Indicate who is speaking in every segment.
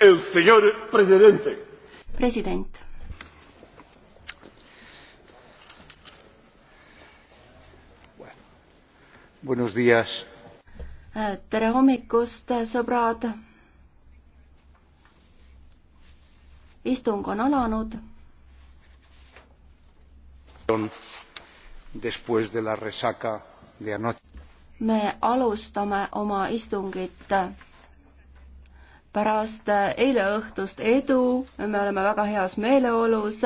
Speaker 1: el señor presidente. President. Buenos días. Eh, tere hommikust, sõbrad. istung on alanud. Después de la resaca de anoche. me alustame oma istungit pärast eileõhtust edu, me oleme väga heas meeleolus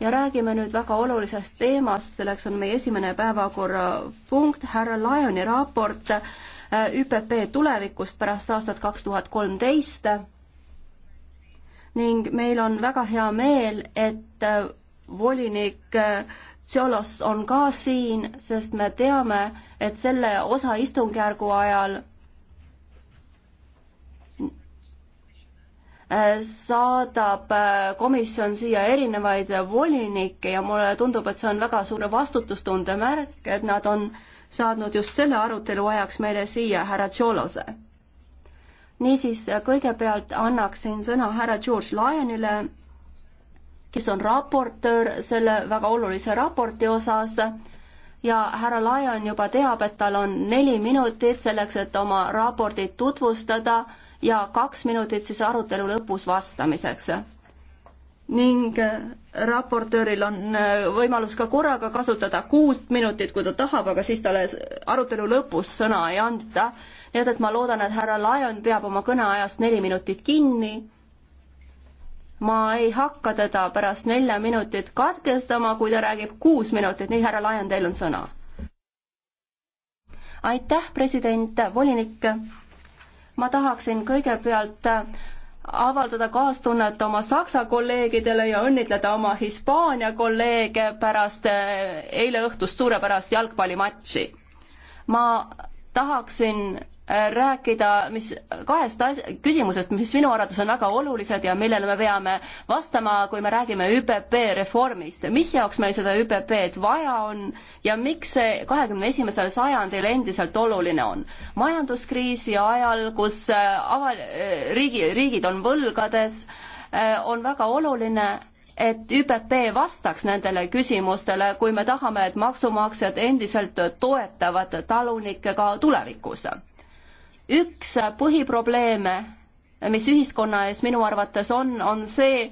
Speaker 1: ja räägime nüüd väga olulisest teemast, selleks on meie esimene päevakorrapunkt, härra Laioni raport äh, ÜPP tulevikust pärast aastat kaks tuhat kolmteist. ning meil on väga hea meel, et äh, volinik äh, Tsiolos on ka siin, sest me teame, et selle osa istungjärgu ajal saadab äh, komisjon siia erinevaid volinikke ja mulle tundub, et see on väga suure vastutustunde märk, et nad on saadnud just selle arutelu ajaks meile siia härra Tšolose. niisiis, kõigepealt annaksin sõna härra George Lyonile, kes on raportöör selle väga olulise raporti osas ja härra Lyon juba teab, et tal on neli minutit selleks, et oma raportit tutvustada ja kaks minutit siis arutelu lõpus vastamiseks. ning äh, raportööril on äh, võimalus ka korraga kasutada kuut minutit, kui ta tahab, aga siis talle arutelu lõpus sõna ei anta. nii et, et ma loodan, et härra Lion peab oma kõneajast neli minutit kinni. ma ei hakka teda pärast nelja minutit katkestama, kui ta räägib kuus minutit, nii, härra Lion, teil on sõna. aitäh, president, volinik ma tahaksin kõigepealt avaldada kaastunnet oma Saksa kolleegidele ja õnnitleda oma Hispaania kolleege pärast eh, eile õhtust suurepärast jalgpallimatši. ma tahaksin rääkida, mis kahest as-, küsimusest, mis minu arvates on väga olulised ja millele me peame vastama, kui me räägime ÜPP reformist. mis jaoks meil seda ÜPP-d vaja on ja miks see kahekümne esimesel sajandil endiselt oluline on? majanduskriisi ajal, kus äh, aval-, äh, riigi, riigid on võlgades, äh, on väga oluline et ÜPP vastaks nendele küsimustele, kui me tahame, et maksumaksjad endiselt toetavad talunikke ka tulevikus üks põhiprobleeme, mis ühiskonna ees minu arvates on, on see,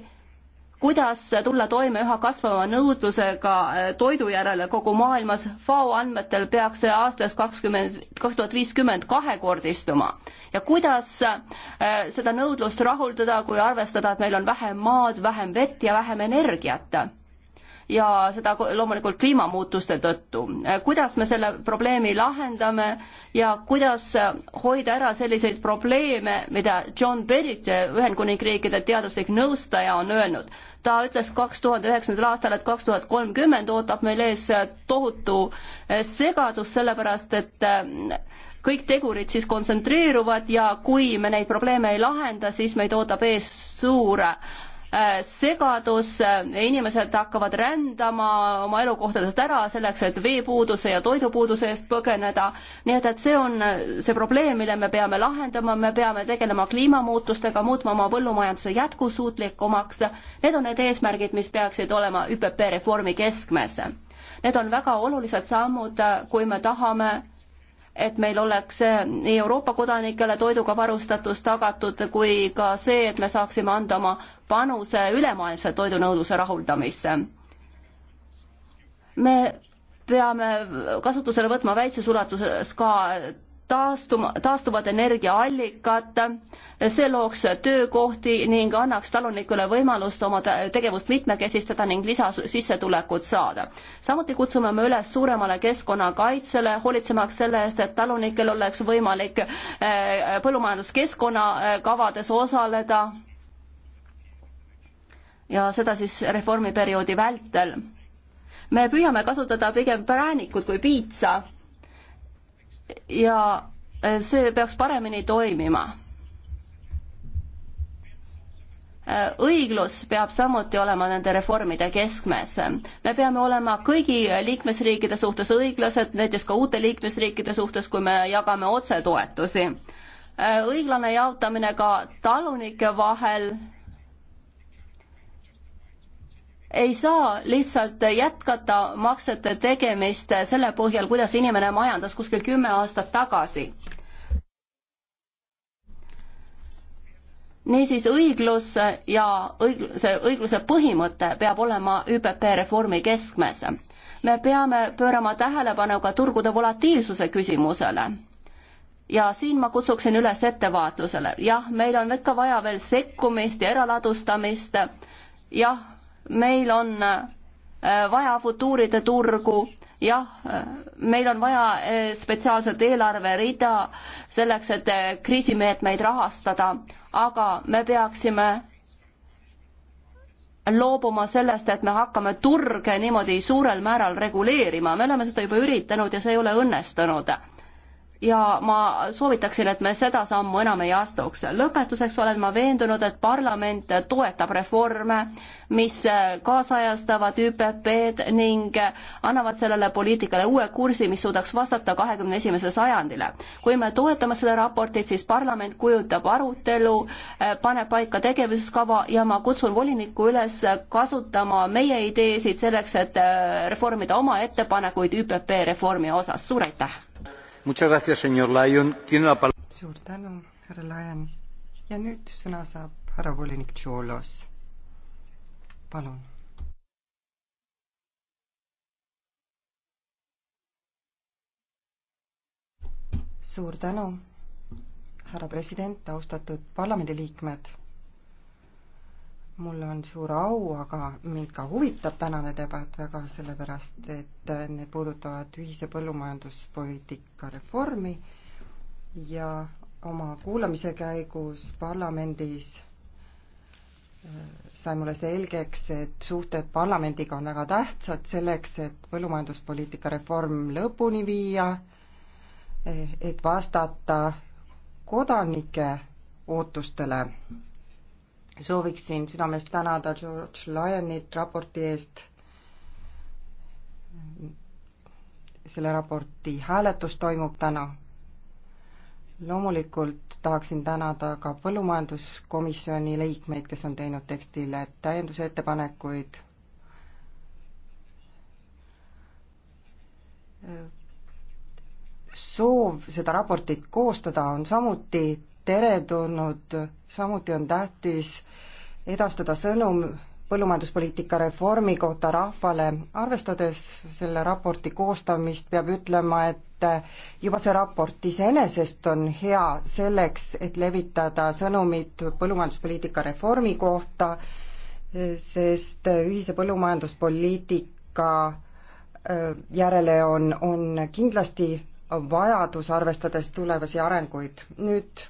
Speaker 1: kuidas tulla toime üha kasvava nõudlusega äh, toidu järele kogu maailmas. FAO andmetel peaks see aastaks kakskümmend, kaks tuhat viiskümmend kahekordistuma. ja kuidas äh, seda nõudlust rahuldada, kui arvestada, et meil on vähem maad, vähem vett ja vähem energiat ja seda loomulikult kliimamuutuste tõttu. kuidas me selle probleemi lahendame ja kuidas hoida ära selliseid probleeme, mida John Berrit, Ühendkuningriikide teaduslik nõustaja, on öelnud. ta ütles kaks tuhat üheksandal aastal, et kaks tuhat kolmkümmend ootab meil ees tohutu segadus, sellepärast et kõik tegurid siis kontsentreeruvad ja kui me neid probleeme ei lahenda, siis meid ootab ees suur Äh, segadus, äh, inimesed hakkavad rändama oma elukohtadest ära selleks, et veepuuduse ja toidupuuduse eest põgeneda. nii et, et see on äh, see probleem, mille me peame lahendama, me peame tegelema kliimamuutustega, muutma oma põllumajanduse jätkusuutlikumaks. Need on need eesmärgid, mis peaksid olema ÜPP reformi keskmes. Need on väga olulised sammud, kui me tahame et meil oleks nii Euroopa kodanikele toiduga varustatus tagatud kui ka see, et me saaksime anda oma panuse ülemaailmse toidunõudluse rahuldamisse. me peame kasutusele võtma väikses ulatuses ka taastuma, taastuvad energiaallikad, see looks töökohti ning annaks talunikule võimalust oma tegevust mitmekesistada ning lisasissetulekut saada. samuti kutsume me üles suuremale keskkonnakaitsele, hoolitsemaks selle eest, et talunikel oleks võimalik eh, põllumajanduskeskkonna eh, kavades osaleda ja seda siis reformiperioodi vältel. me püüame kasutada pigem präänikut kui piitsa ja äh, see peaks paremini toimima. Äh, õiglus peab samuti olema nende reformide keskmes. me peame olema kõigi liikmesriikide suhtes õiglased, näiteks ka uute liikmesriikide suhtes, kui me jagame otsetoetusi. Äh, õiglane jaotamine ka talunike vahel ei saa lihtsalt jätkata maksete tegemist selle põhjal, kuidas inimene majandas kuskil kümme aastat tagasi. niisiis, õiglus ja õig-, see õigluse põhimõte peab olema ÜPP reformi keskmes. me peame pöörama tähelepanu ka turgude volatiilsuse küsimusele ja siin ma kutsuksin üles ettevaatlusele. jah, meil on ikka vaja veel sekkumist ja eraladustamist, jah meil on äh, vaja futuuride turgu, jah, äh, meil on vaja äh, spetsiaalset eelarverida selleks, et kriisimeetmeid rahastada, aga me peaksime loobuma sellest, et me hakkame turge niimoodi suurel määral reguleerima, me oleme seda juba üritanud ja see ei ole õnnestunud ja ma soovitaksin, et me seda sammu enam ei astuks. lõpetuseks olen ma veendunud, et parlament toetab reforme, mis kaasajastavad ÜPP-d ning annavad sellele poliitikale uue kursi, mis suudaks vastata kahekümne esimese sajandile. kui me toetame seda raportit, siis parlament kujutab arutelu, paneb paika tegevuskava ja ma kutsun volinikku üles kasutama meie ideesid selleks, et reformida oma ettepanekuid ÜPP reformi osas. suur aitäh! suur
Speaker 2: tänu, härra Laian. ja nüüd sõna saab härra volinik Tšolos. palun. suur tänu, härra president, austatud parlamendiliikmed mul on suur au, aga mind ka huvitab tänane debatt väga, sellepärast et need puudutavad ühise põllumajanduspoliitika reformi ja oma kuulamise käigus parlamendis äh, sai mulle selgeks, et suhted parlamendiga on väga tähtsad selleks, et põllumajanduspoliitika reform lõpuni viia, eh, et vastata kodanike ootustele sooviksin südamest tänada George Lyonit raporti eest. selle raporti hääletus toimub täna. loomulikult tahaksin tänada ka põllumajanduskomisjoni liikmeid, kes on teinud tekstile täiendusettepanekuid. soov seda raportit koostada on samuti teretulnud, samuti on tähtis edastada sõnum põllumajanduspoliitika reformi kohta rahvale, arvestades selle raporti koostamist, peab ütlema, et juba see raport iseenesest on hea selleks, et levitada sõnumit põllumajanduspoliitika reformi kohta, sest ühise põllumajanduspoliitika järele on, on kindlasti vajadus, arvestades tulevasi arenguid. nüüd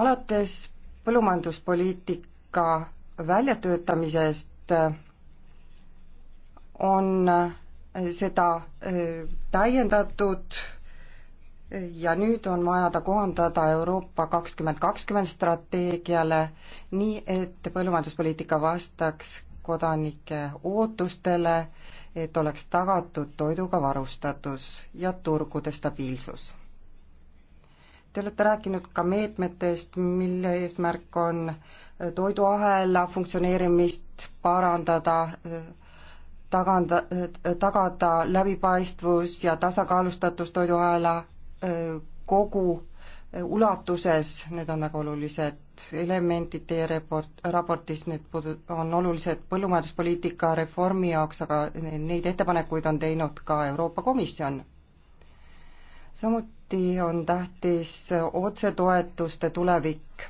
Speaker 2: alates põllumajanduspoliitika väljatöötamisest äh, on äh, seda äh, täiendatud ja nüüd on vaja ta kohandada Euroopa kakskümmend kakskümmend strateegiale, nii et põllumajanduspoliitika vastaks kodanike ootustele, et oleks tagatud toiduga varustatus ja turgude stabiilsus Te olete rääkinud ka meetmetest, mille eesmärk on äh, toiduahela funktsioneerimist parandada, äh, tagada, äh, tagada läbipaistvus ja tasakaalustatus toiduahela kogu ulatuses, need on väga olulised elemendid teie report, raportis, need puudu-, on olulised põllumajanduspoliitika reformi jaoks, aga neid ettepanekuid on teinud ka Euroopa Komisjon. samuti samuti on tähtis otsetoetuste tulevik.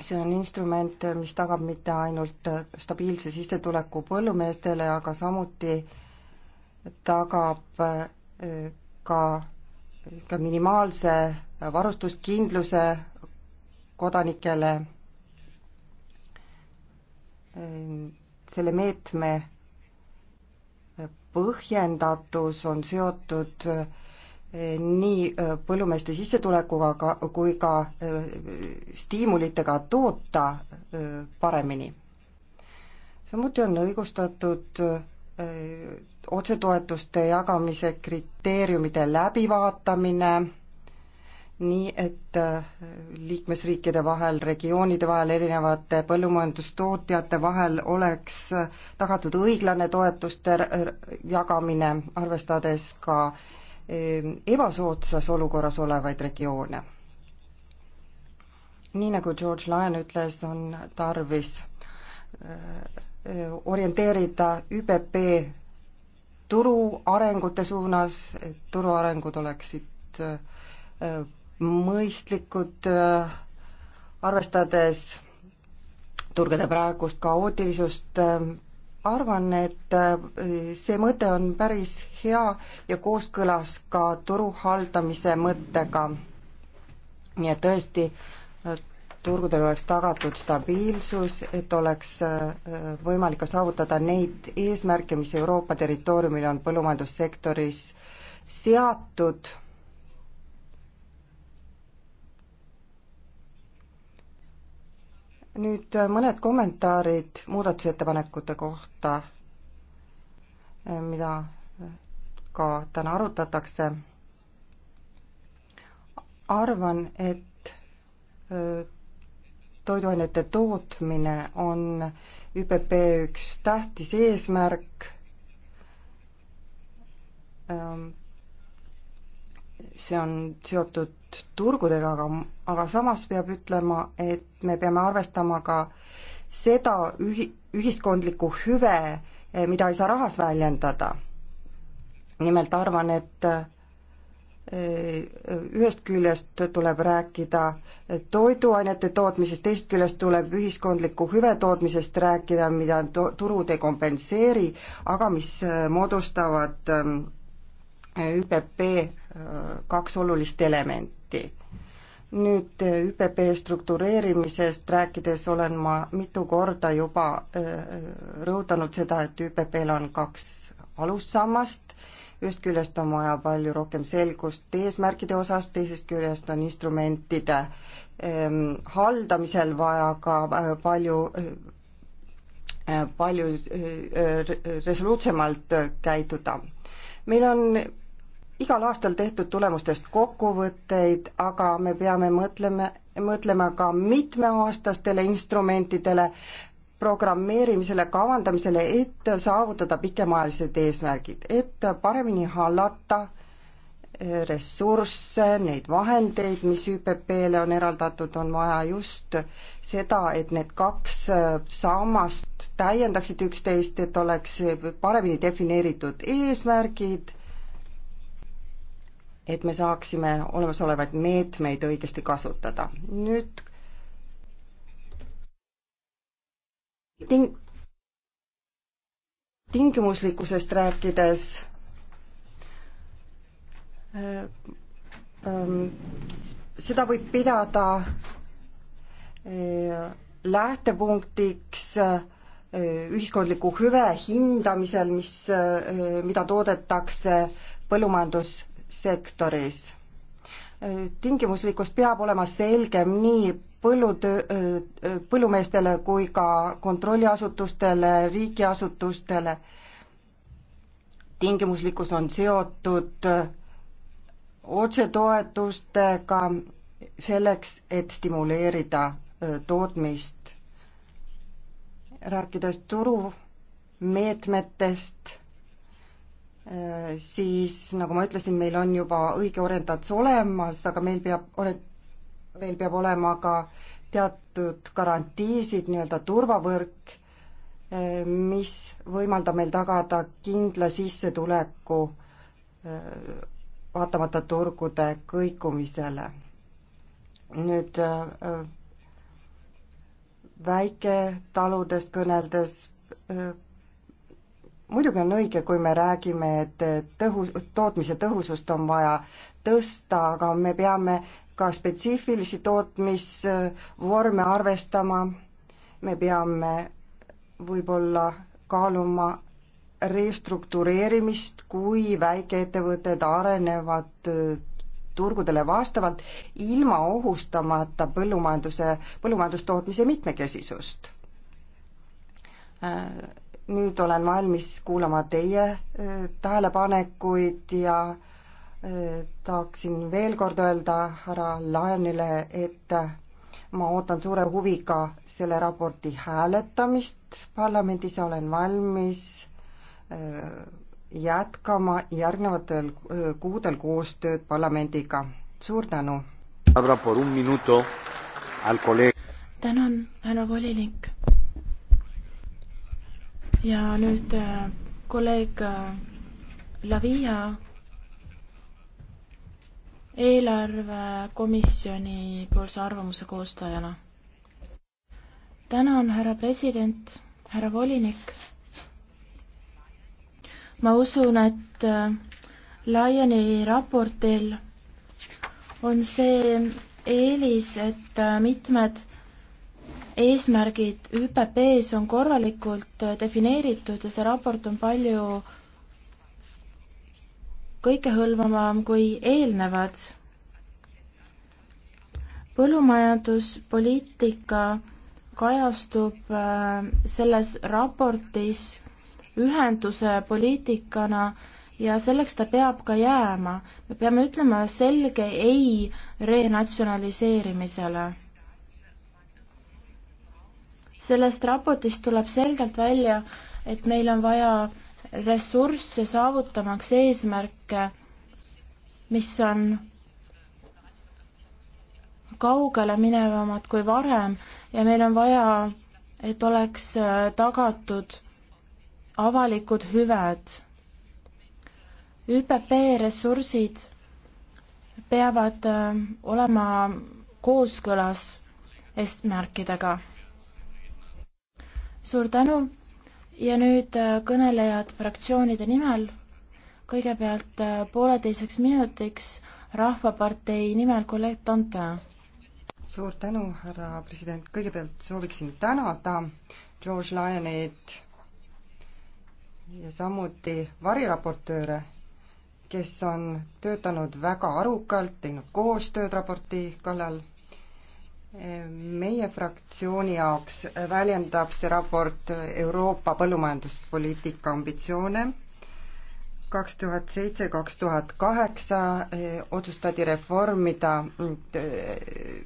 Speaker 2: see on instrument, mis tagab mitte ainult stabiilse sissetuleku põllumeestele, aga samuti tagab äh, ka, ka minimaalse varustuskindluse kodanikele. Äh, selle meetme põhjendatus on seotud äh, nii äh, põllumeeste sissetulekuga kui ka äh, stiimulitega toota äh, paremini. samuti on õigustatud otsetoetuste jagamise kriteeriumide läbivaatamine, nii et liikmesriikide vahel, regioonide vahel, erinevate põllumajandustootjate vahel oleks tagatud õiglane toetuste jagamine, arvestades ka äh, Ehm, ebasoodsas olukorras olevaid regioone. nii nagu George Lyon ütles, on tarvis eh, orienteerida ÜPP turu arengute suunas, et turu arengud oleksid eh, mõistlikud, eh, arvestades turgade praegust kaootilisust, arvan, et äh, see mõte on päris hea ja kooskõlas ka turu haldamise mõttega. nii et tõesti, äh, turgudel oleks tagatud stabiilsus, et oleks äh, võimalik ka saavutada neid eesmärke, mis Euroopa territooriumil on põllumajandussektoris seatud nüüd äh, mõned kommentaarid muudatusettepanekute kohta, äh, mida äh, ka täna arutatakse. arvan, et toiduainete tootmine on ÜPP üks tähtis eesmärk. Ähm, see on seotud koostööd turgudega, aga, aga samas peab ütlema, et me peame arvestama ka seda ühi-, ühiskondlikku hüve, eh, mida ei saa rahas väljendada. nimelt arvan, et eh, ühest küljest tuleb rääkida toiduainete tootmisest, teisest küljest tuleb ühiskondliku hüve tootmisest rääkida, mida to-, turud ei kompenseeri, aga mis eh, moodustavad ÜPP kaks olulist elementi protsenti. nüüd äh, ÜPP struktureerimisest rääkides olen ma mitu korda juba äh, äh, rõhutanud seda, et ÜPP-l on kaks alussammast, ühest küljest on vaja palju rohkem selgust eesmärkide osas, teisest küljest on instrumentide ähm, haldamisel vaja ka äh, palju äh, palju äh, resoluutsemalt käiduda. meil on igal aastal tehtud tulemustest kokkuvõtteid, aga me peame mõtlema, mõtlema ka mitmeaastastele instrumentidele, programmeerimisele, kavandamisele, et saavutada pikemaajalised eesmärgid, et paremini hallata eh, ressursse, neid vahendeid, mis ÜPP-le on eraldatud, on vaja just seda, et need kaks eh, sammast täiendaksid üksteist, et oleks paremini defineeritud eesmärgid et me saaksime olemasolevaid meetmeid õigesti kasutada. nüüd ting-, tingimuslikkusest rääkides äh, ähm, seda võib pidada äh, lähtepunktiks äh, ühiskondliku hüve hindamisel, mis, mida toodetakse põllumajandus- sektoris. tingimuslikkus peab olema selgem nii põllutöö, põllumeestele kui ka kontrolliasutustele, riigiasutustele. tingimuslikkus on seotud otsetoetustega selleks, et stimuleerida tootmist. rääkides turumeetmetest Äh, siis nagu ma ütlesin, meil on juba õige orientats olemas, aga meil peab, meil peab olema ka teatud garantiisid, nii-öelda turvavõrk, äh, mis võimaldab meil tagada kindla sissetuleku äh, vaatamata turgude kõikumisele. nüüd väiketaludest kõneldes muidugi on õige, kui me räägime, et tõhu-, tootmise tõhusust on vaja tõsta, aga me peame ka spetsiifilisi tootmisvorme arvestama, me peame võib-olla kaaluma restruktureerimist, kui väikeettevõtted arenevad turgudele vastavalt, ilma ohustamata põllumajanduse, põllumajandustootmise mitmekesisust äh, nüüd olen valmis kuulama teie tähelepanekuid ja tahaksin veel kord öelda härra Laenile, et äh, ma ootan suure huviga selle raporti hääletamist parlamendis ja olen valmis jätkama järgnevatel kuudel koostööd parlamendiga. suur tänu! tänan, härra volinik
Speaker 3: ja nüüd äh, kolleeg äh, Lavia eelarvekomisjoni poolse arvamuse koostajana. tänan, härra president, härra volinik. ma usun, et äh, Laiani raportil on see eelis, et mitmed eesmärgid ÜPP-s on korralikult äh, defineeritud ja see raport on palju kõikehõlmavam kui eelnevad. põllumajanduspoliitika kajastub äh, selles raportis ühenduse poliitikana ja selleks ta peab ka jääma. me peame ütlema selge ei renatsionaliseerimisele sellest raportist tuleb selgelt välja, et meil on vaja ressursse saavutamaks eesmärke, mis on kaugele minevamad kui varem ja meil on vaja, et oleks äh, tagatud avalikud hüved. ÜPP ressursid peavad äh, olema kooskõlas eesmärkidega suur tänu ja nüüd äh, kõnelejad fraktsioonide nimel. kõigepealt äh, pooleteiseks
Speaker 2: minutiks Rahvapartei nimel kolleeg Tanta. suur tänu, härra president, kõigepealt sooviksin tänada George Lyonit ja samuti variraportööre, kes on töötanud väga arukalt, teinud koostööd raporti kallal meie fraktsiooni jaoks väljendab see raport Euroopa põllumajanduspoliitika ambitsioone. kaks tuhat seitse, kaks tuhat kaheksa eh, otsustati reformida eh,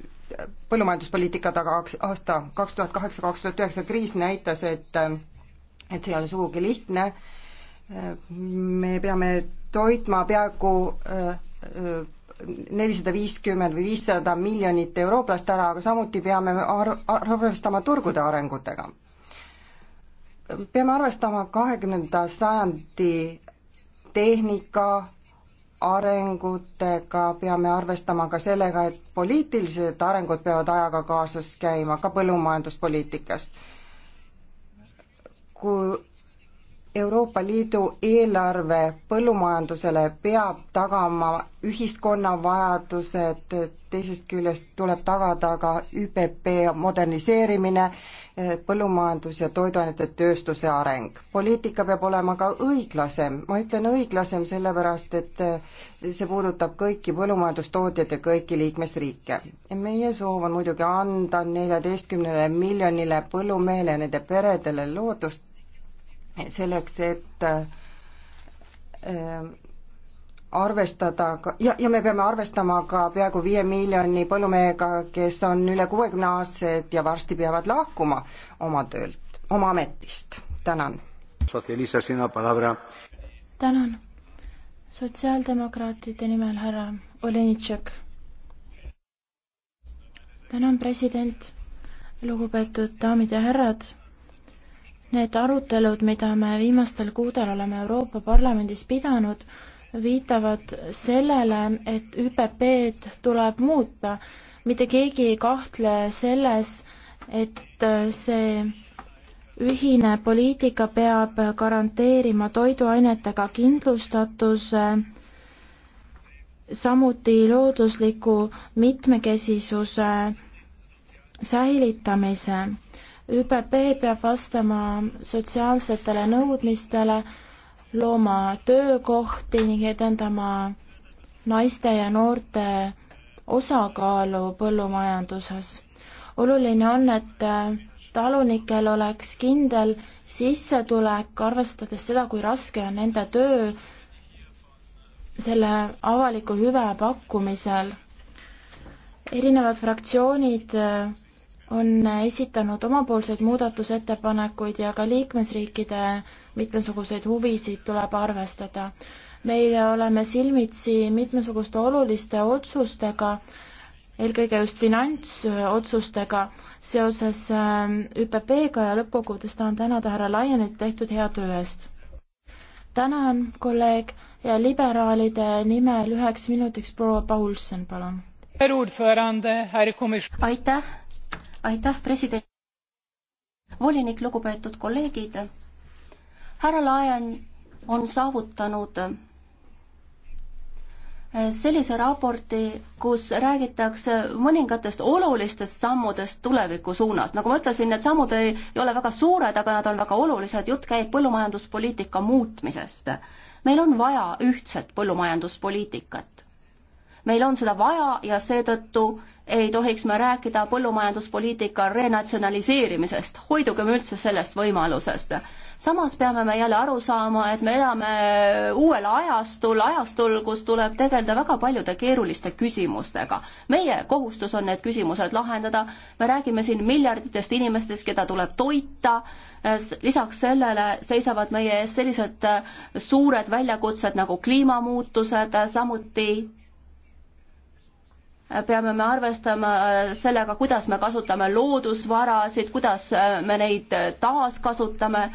Speaker 2: põllumajanduspoliitikat, aga aasta kaks tuhat kaheksa, kaks tuhat üheksa kriis näitas, et eh, et see ei ole sugugi lihtne. me peame toitma peaaegu nelisada viiskümmend või viissada miljonit eurooplast ära, aga samuti peame ar-, arvestama turgude arengutega. peame arvestama kahekümnenda sajandi tehnika arengutega, peame arvestama ka sellega, et poliitilised arengud peavad ajaga kaasas käima, ka põllumajanduspoliitikas. kui Euroopa Liidu eelarve põllumajandusele peab tagama ühiskonna vajadused, teisest küljest tuleb tagada ka ÜPP moderniseerimine, põllumajandus- ja toiduainetetööstuse areng. poliitika peab olema ka õiglasem, ma ütlen õiglasem sellepärast, et see puudutab kõiki põllumajandustootjaid ja kõiki liikmesriike. meie soov on muidugi anda neljateistkümnele miljonile põllumehele ja nende peredele lootust, selleks, et äh, arvestada ka ja, ja me peame arvestama ka peaaegu viie miljoni põllumehega, kes on üle kuuekümne aastased ja varsti peavad lahkuma oma töölt, oma ametist. tänan. tänan. sotsiaaldemokraatide
Speaker 3: nimel härra Olenitšek. tänan, president. lugupeetud daamid ja härrad Need arutelud, mida me viimastel kuudel oleme Euroopa Parlamendis pidanud, viitavad sellele, et ÜPP-d tuleb muuta. mitte keegi ei kahtle selles, et see ühine poliitika peab garanteerima toiduainetega kindlustatuse, samuti loodusliku mitmekesisuse säilitamise ÜPP peab vastama sotsiaalsetele nõudmistele, looma töökohti ning edendama naiste ja noorte osakaalu põllumajanduses. oluline on, et äh, talunikel oleks kindel sissetulek, arvestades seda, kui raske on nende töö selle avaliku hüve pakkumisel. erinevad fraktsioonid äh, on esitanud omapoolseid muudatusettepanekuid ja ka liikmesriikide mitmesuguseid huvisid tuleb arvestada. meie oleme silmitsi mitmesuguste oluliste otsustega, eelkõige just finantsotsustega seoses ähm, ÜPP-ga ja lõppkokkuvõttes tahan tänada härra Laienit tehtud hea töö eest. tänan, kolleeg, ja liberaalide nimel üheks minutiks proua Paulsen, palun. aitäh
Speaker 1: aitäh, president. volinik, lugupeetud kolleegid. härra Laen on saavutanud eh, sellise raporti, kus räägitakse mõningatest olulistest sammudest tuleviku suunas. nagu ma ütlesin, need sammud ei, ei ole väga suured, aga nad on väga olulised, jutt käib põllumajanduspoliitika muutmisest. meil on vaja ühtset põllumajanduspoliitikat. meil on seda vaja ja seetõttu ei tohiks me rääkida põllumajanduspoliitika renatsionaliseerimisest, hoidugem üldse sellest võimalusest. samas peame me jälle aru saama, et me elame uuel ajastul, ajastul, kus tuleb tegeleda väga paljude keeruliste küsimustega. meie kohustus on need küsimused lahendada, me räägime siin miljarditest inimestest, keda tuleb toita, lisaks sellele seisavad meie ees sellised suured väljakutsed nagu kliimamuutused, samuti peame me arvestama äh, sellega, kuidas me kasutame loodusvarasid, kuidas äh, me neid äh, taaskasutame.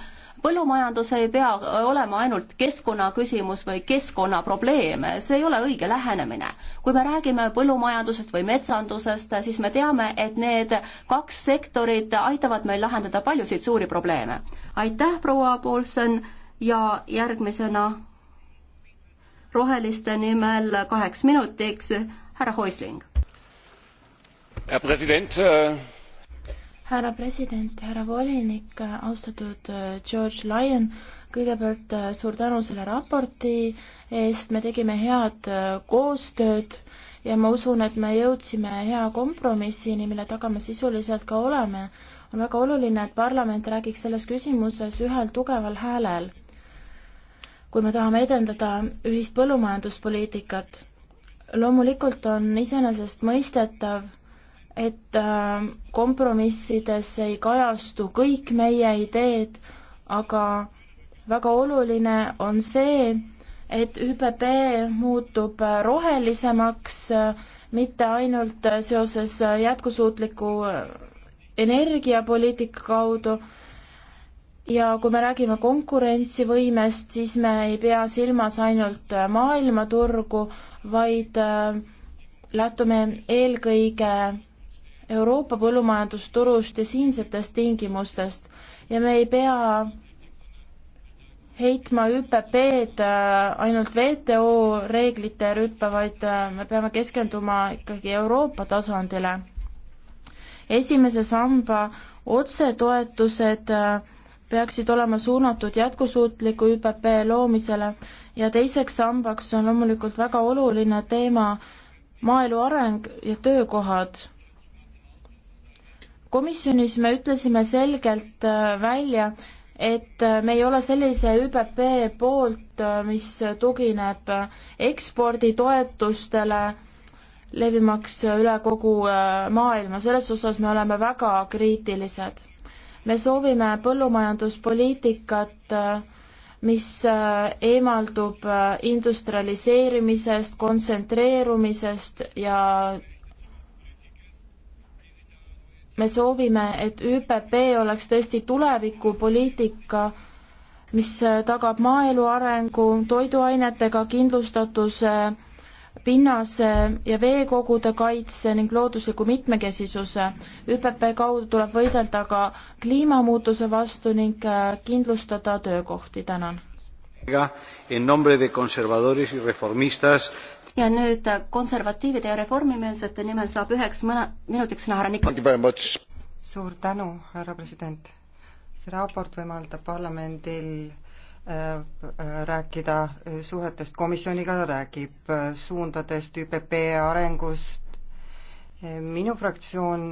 Speaker 1: põllumajandus ei pea olema ainult keskkonnaküsimus või keskkonnaprobleem, see ei ole õige lähenemine. kui me räägime põllumajandusest või metsandusest, siis me teame, et need kaks sektorit aitavad meil lahendada paljusid suuri probleeme. aitäh, proua Paulsen ja järgmisena roheliste nimel kaheks minutiks härra Häusling.
Speaker 2: härra president äh....
Speaker 3: härra president, härra volinik, austatud äh, George Lyon, kõigepealt äh, suur tänu selle raporti eest, me tegime head äh, koostööd ja ma usun, et me jõudsime hea kompromissini, mille taga me sisuliselt ka oleme. on väga oluline, et parlament räägiks selles küsimuses ühel tugeval häälel, kui me tahame edendada ühist põllumajanduspoliitikat loomulikult on iseenesestmõistetav, et äh, kompromissides ei kajastu kõik meie ideed, aga väga oluline on see, et ÜPP muutub äh, rohelisemaks äh, mitte ainult seoses jätkusuutliku energiapoliitika kaudu, ja kui me räägime konkurentsivõimest, siis me ei pea silmas ainult äh, maailmaturgu, vaid äh, lähtume eelkõige Euroopa põllumajandusturust ja siinsetest tingimustest ja me ei pea heitma ÜPP-d äh, ainult WTO reeglite rüppe, vaid me peame keskenduma ikkagi Euroopa tasandile. esimese samba otsetoetused äh, peaksid olema suunatud jätkusuutliku ÜPP loomisele ja teiseks sambaks on loomulikult väga oluline teema maaelu areng ja töökohad. komisjonis me ütlesime selgelt äh, välja, et äh, me ei ole sellise ÜPP poolt, äh, mis tugineb eksporditoetustele, levimaks üle kogu maailma, selles osas me oleme väga kriitilised me soovime põllumajanduspoliitikat, mis äh, eemaldub äh, industrialiseerimisest, kontsentreerumisest ja me soovime, et ÜPP oleks tõesti tulevikupoliitika, mis äh, tagab maaelu arengu, toiduainetega kindlustatuse äh, pinnase äh, ja veekogude kaitse ning loodusliku mitmekesisuse. ÜPP kaudu tuleb võidelda ka kliimamuutuse vastu ning äh, kindlustada
Speaker 1: töökohti, tänan. ja nüüd äh, konservatiivide ja reformimeelsete nimel saab üheks mõne minutiks sõna härra Nikol.
Speaker 2: suur tänu, härra president. see raport võimaldab parlamendil Äh, rääkida suhetest komisjoniga, räägib äh, suundadest, ÜPP arengust. minu fraktsioon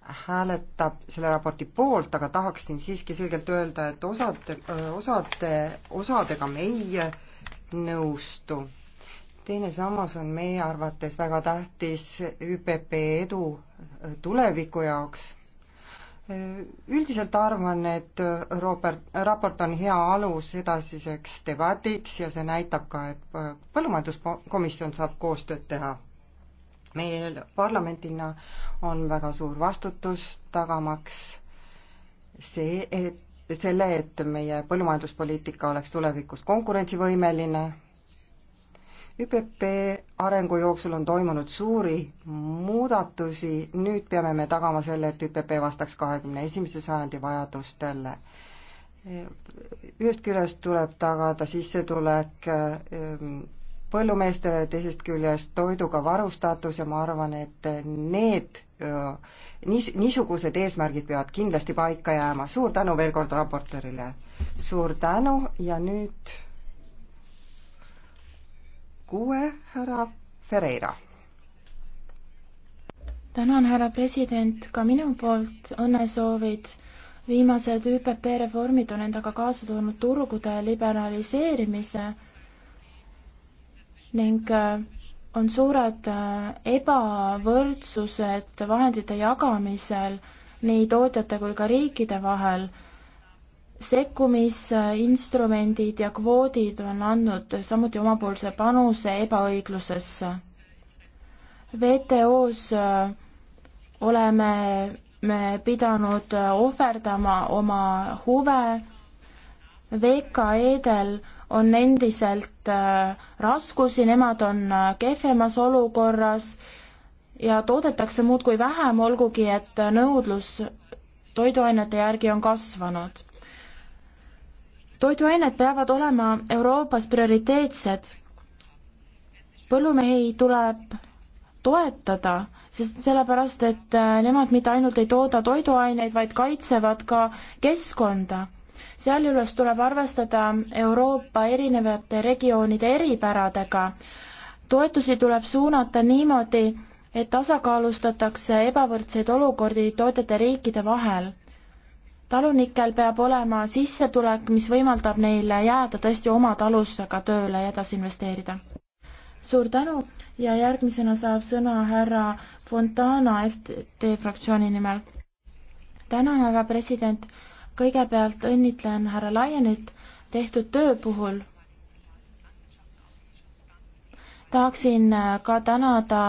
Speaker 2: hääletab selle raporti poolt, aga tahaksin siiski selgelt öelda, et osad, äh, osade, osadega me ei nõustu. teine sammas on meie arvates väga tähtis ÜPP edu tuleviku jaoks üldiselt arvan, et Robert, raport on hea alus edasiseks debatiks ja see näitab ka, et põllumajanduskomisjon saab koostööd teha. meil parlamendina on väga suur vastutus tagamaks see, et selle, et meie põllumajanduspoliitika oleks tulevikus konkurentsivõimeline ÜPP arengu jooksul on toimunud suuri muudatusi, nüüd peame me tagama selle, et ÜPP vastaks kahekümne esimese sajandi vajadustele. ühest küljest tuleb tagada sissetulek ehm, põllumeestele, teisest küljest toiduga varustatus ja ma arvan, et need, niis-, niisugused eesmärgid peavad kindlasti paika jääma. suur tänu veel kord raportöörile! suur tänu ja nüüd kuue, härra Ferreira. tänan, härra president,
Speaker 3: ka minu poolt õnnesoovid. viimased ÜPP reformid on endaga kaasa toonud turgude liberaliseerimise ning äh, on suured äh, ebavõrdsused vahendite jagamisel nii tootjate kui ka riikide vahel sekkumisinstrumendid ja kvoodid on andnud samuti omapoolse panuse ebaõiglusesse. WTO-s äh, oleme me pidanud äh, ohverdama oma huve, VKE-del on endiselt äh, raskusi, nemad on kehvemas olukorras ja toodetakse muudkui vähem, olgugi et nõudlus toiduainete järgi on kasvanud toiduained peavad olema Euroopas prioriteetsed. põllumehi tuleb toetada, sest sellepärast, et äh, nemad mitte ainult ei tooda toiduaineid, vaid kaitsevad ka keskkonda. sealjuures tuleb arvestada Euroopa erinevate regioonide eripäradega. toetusi tuleb suunata niimoodi, et tasakaalustatakse ebavõrdseid olukordi tootjate riikide vahel talunikel peab olema sissetulek, mis võimaldab neil jääda tõesti oma talusse ka tööle ja edasi investeerida. suur tänu ja järgmisena saab sõna härra Fontana FT fraktsiooni nimel. tänan, härra president. kõigepealt õnnitlen härra Laienit tehtud töö puhul. tahaksin ka tänada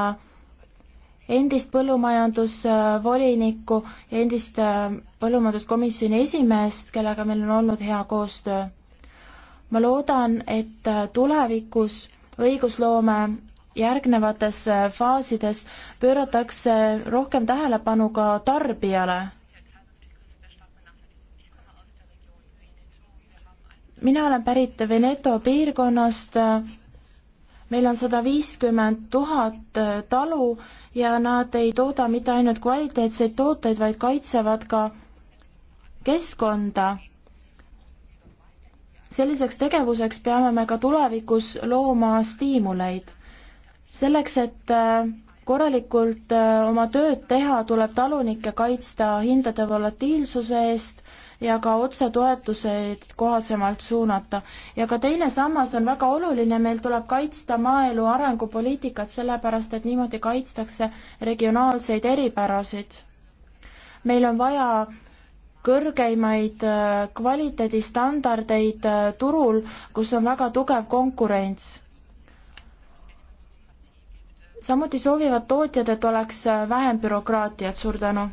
Speaker 3: endist põllumajandusvolinikku ja endist äh, põllumajanduskomisjoni esimeest, kellega meil on olnud hea koostöö. ma loodan, et äh, tulevikus õigusloome järgnevates äh, faasides pööratakse rohkem tähelepanu ka tarbijale. mina olen pärit Veneto piirkonnast, meil on sada viiskümmend tuhat talu ja nad ei tooda mitte ainult kvaliteetseid tooteid, vaid kaitsevad ka keskkonda. selliseks tegevuseks peame me ka tulevikus looma stiimuleid. selleks, et äh, korralikult äh, oma tööd teha, tuleb talunikke kaitsta hindade volatiilsuse eest ja ka otsetoetuseid kohasemalt suunata. ja ka teine sammas on väga oluline, meil tuleb kaitsta maaelu arengupoliitikat, sellepärast et niimoodi kaitstakse regionaalseid eripärasid. meil on vaja kõrgeimaid äh, kvaliteedistandardeid äh, turul, kus on väga tugev konkurents samuti soovivad tootjad, et oleks äh, vähem bürokraatiat, suur tänu.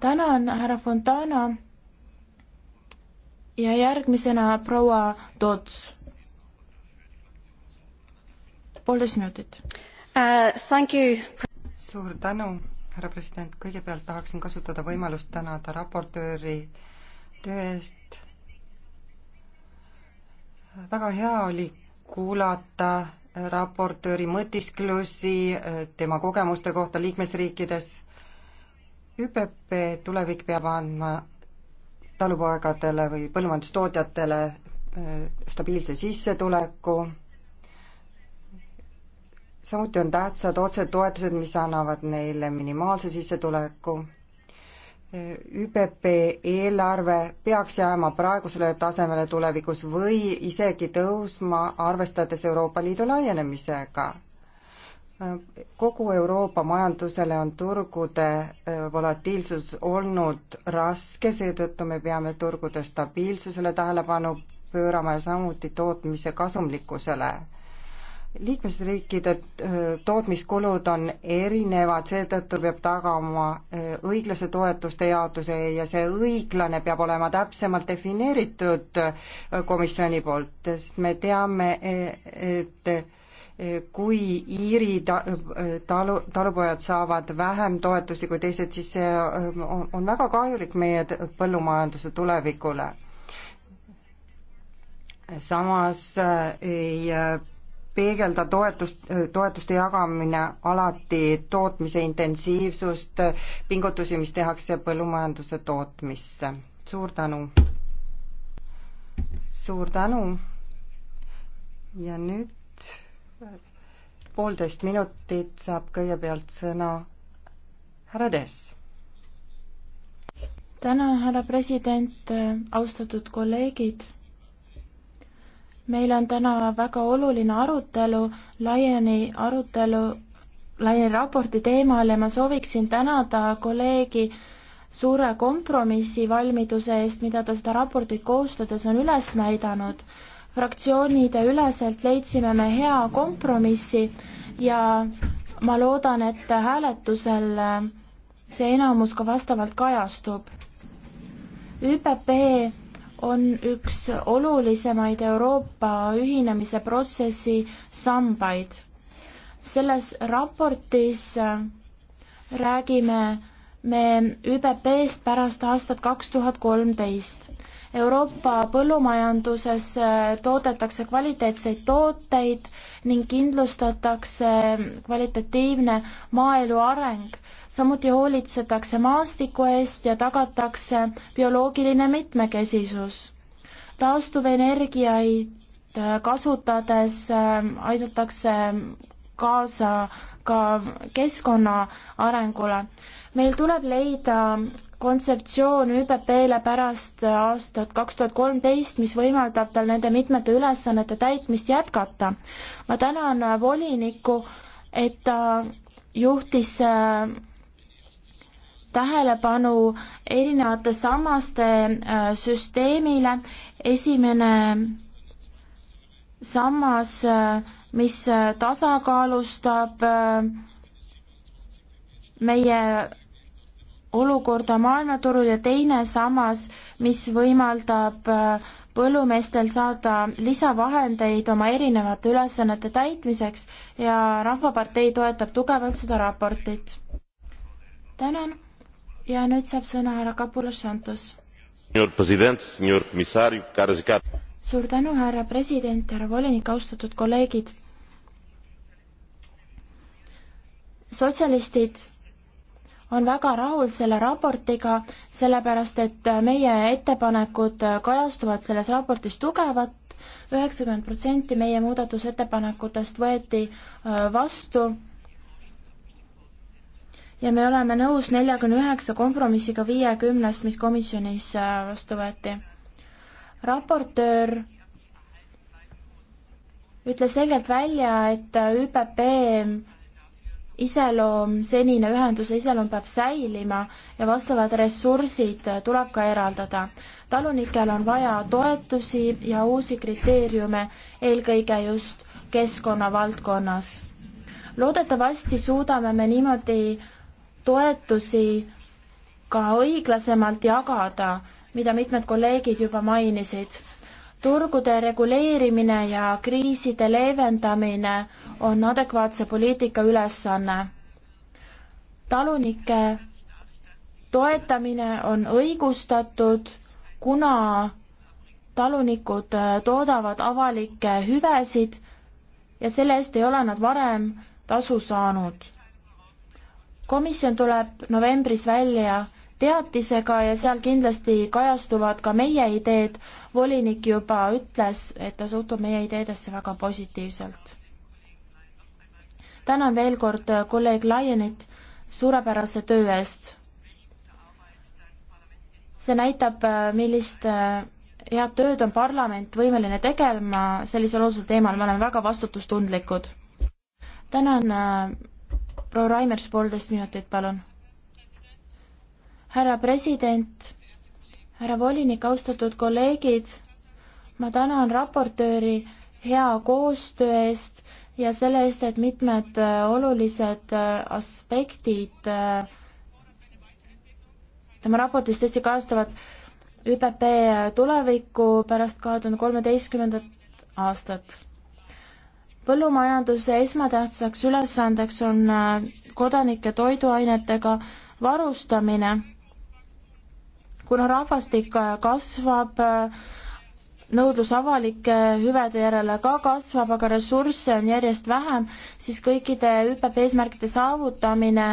Speaker 3: tänan, härra Fontana ja järgmisena proua Tots. poolteist minutit
Speaker 2: uh,. suur tänu, härra president, kõigepealt tahaksin kasutada võimalust tänada raportööri töö eest. väga hea oli kuulata raportööri mõtisklusi eh, tema kogemuste kohta liikmesriikides. ÜPP tulevik peab andma talupoegadele või põllumajandustootjatele äh, stabiilse sissetuleku, samuti on tähtsad otsetoetused, mis annavad neile minimaalse sissetuleku. Äh, ÜPP eelarve peaks jääma praegusele tasemele tulevikus või isegi tõusma, arvestades Euroopa Liidu laienemisega kogu Euroopa majandusele on turgude äh, volatiilsus olnud raske, seetõttu me peame turgude stabiilsusele tähelepanu pöörama ja samuti tootmise kasumlikkusele. liikmesriikide äh, tootmiskulud on erinevad, seetõttu peab tagama äh, õiglase toetuste jaotuse ja see õiglane peab olema täpsemalt defineeritud komisjoni poolt, sest me teame, et kui Iiri talu, talupojad saavad vähem toetusi kui teised, siis see ähm, on väga kahjulik meie põllumajanduse tulevikule. samas äh, ei äh, peegelda toetust, toetuste jagamine alati tootmise intensiivsust, äh, pingutusi, mis tehakse põllumajanduse tootmisse. suur tänu! suur tänu! ja nüüd poolteist minutit saab kõigepealt sõna härra Dess.
Speaker 3: tänan, härra president, austatud kolleegid. meil on täna väga oluline arutelu, laiali arutelu, laiali raporti teemal ja ma sooviksin tänada kolleegi suure kompromissivalmiduse eest, mida ta seda raportit koostades on üles näidanud fraktsioonide üleselt leidsime me hea kompromissi ja ma loodan, et hääletusel see enamus ka vastavalt kajastub. ÜPP on üks olulisemaid Euroopa ühinemise protsessi sambaid. selles raportis räägime me ÜPP-st pärast aastat kaks tuhat kolmteist Euroopa põllumajanduses äh, toodetakse kvaliteetseid tooteid ning kindlustatakse kvalitatiivne maaelu areng. samuti hoolitsetakse maastiku eest ja tagatakse bioloogiline mitmekesisus. taastuvenergiaid äh, kasutades äh, aidatakse kaasa ka keskkonna arengule meil tuleb leida kontseptsioon ÜPP-le pärast aastat kaks tuhat kolmteist, mis võimaldab tal nende mitmete ülesannete täitmist jätkata. ma tänan volinikku, et ta juhtis äh, tähelepanu erinevate sammaste äh, süsteemile. esimene sammas, äh, mis tasakaalustab meie olukorda maailmaturul ja teine sammas, mis võimaldab äh, põllumeestel saada lisavahendeid oma erinevate ülesannete täitmiseks ja Rahvapartei toetab tugevalt seda raportit. tänan ja nüüd saab sõna härra Kapulas Santos. E suur tänu, härra president, härra volinik, austatud kolleegid. sotsialistid on väga rahul selle raportiga, sellepärast et meie ettepanekud kajastuvad selles raportis tugevalt, üheksakümmend protsenti meie muudatusettepanekutest võeti äh, vastu ja me oleme nõus neljakümne üheksa kompromissiga viiekümnest, mis komisjonis äh, vastu võeti. raportöör ütles selgelt välja, et ÜPP iseloom, senine ühenduse iseloom peab säilima ja vastavad ressursid tuleb ka eraldada. talunikel on vaja toetusi ja uusi kriteeriume, eelkõige just keskkonna valdkonnas. loodetavasti suudame me niimoodi toetusi ka õiglasemalt jagada, mida mitmed kolleegid juba mainisid. turgude reguleerimine ja kriiside leevendamine on adekvaatse poliitika ülesanne. talunike toetamine on õigustatud, kuna talunikud äh, toodavad avalikke hüvesid ja selle eest ei ole nad varem tasu saanud. komisjon tuleb novembris välja teatisega ja seal kindlasti kajastuvad ka meie ideed. volinik juba ütles, et ta suhtub meie ideedesse väga positiivselt tänan veel kord äh, kolleeg Laienit suurepärase töö eest. see näitab, äh, millist äh, head tööd on parlament võimeline tegema sellisel olulisel teemal, me oleme väga vastutustundlikud. tänan, proua Raimers, poolteist minutit, palun. härra president, härra volinik, austatud kolleegid, ma tänan raportööri hea koostöö eest ja selle eest, et mitmed äh, olulised äh, aspektid äh, tema raportis tõesti kajastuvad ÜPP tulevikku pärast kahe tuhande kolmeteistkümnendat aastat. põllumajanduse esmatähtsaks ülesandeks on kodanike toiduainetega varustamine. kuna rahvastik kasvab, nõudlus avalike hüvede järele ka kasvab, aga ressursse on järjest vähem, siis kõikide ÜPP eesmärkide saavutamine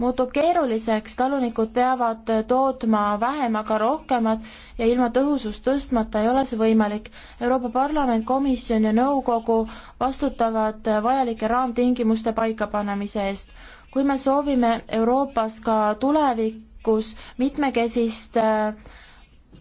Speaker 3: muutub keeruliseks, talunikud peavad tootma vähem, aga rohkemat ja ilma tõhusust tõstmata ei ole see võimalik. Euroopa Parlament, Komisjon ja Nõukogu vastutavad vajalike raamtingimuste paikapanemise eest. kui me soovime Euroopas ka tulevikus mitmekesist äh,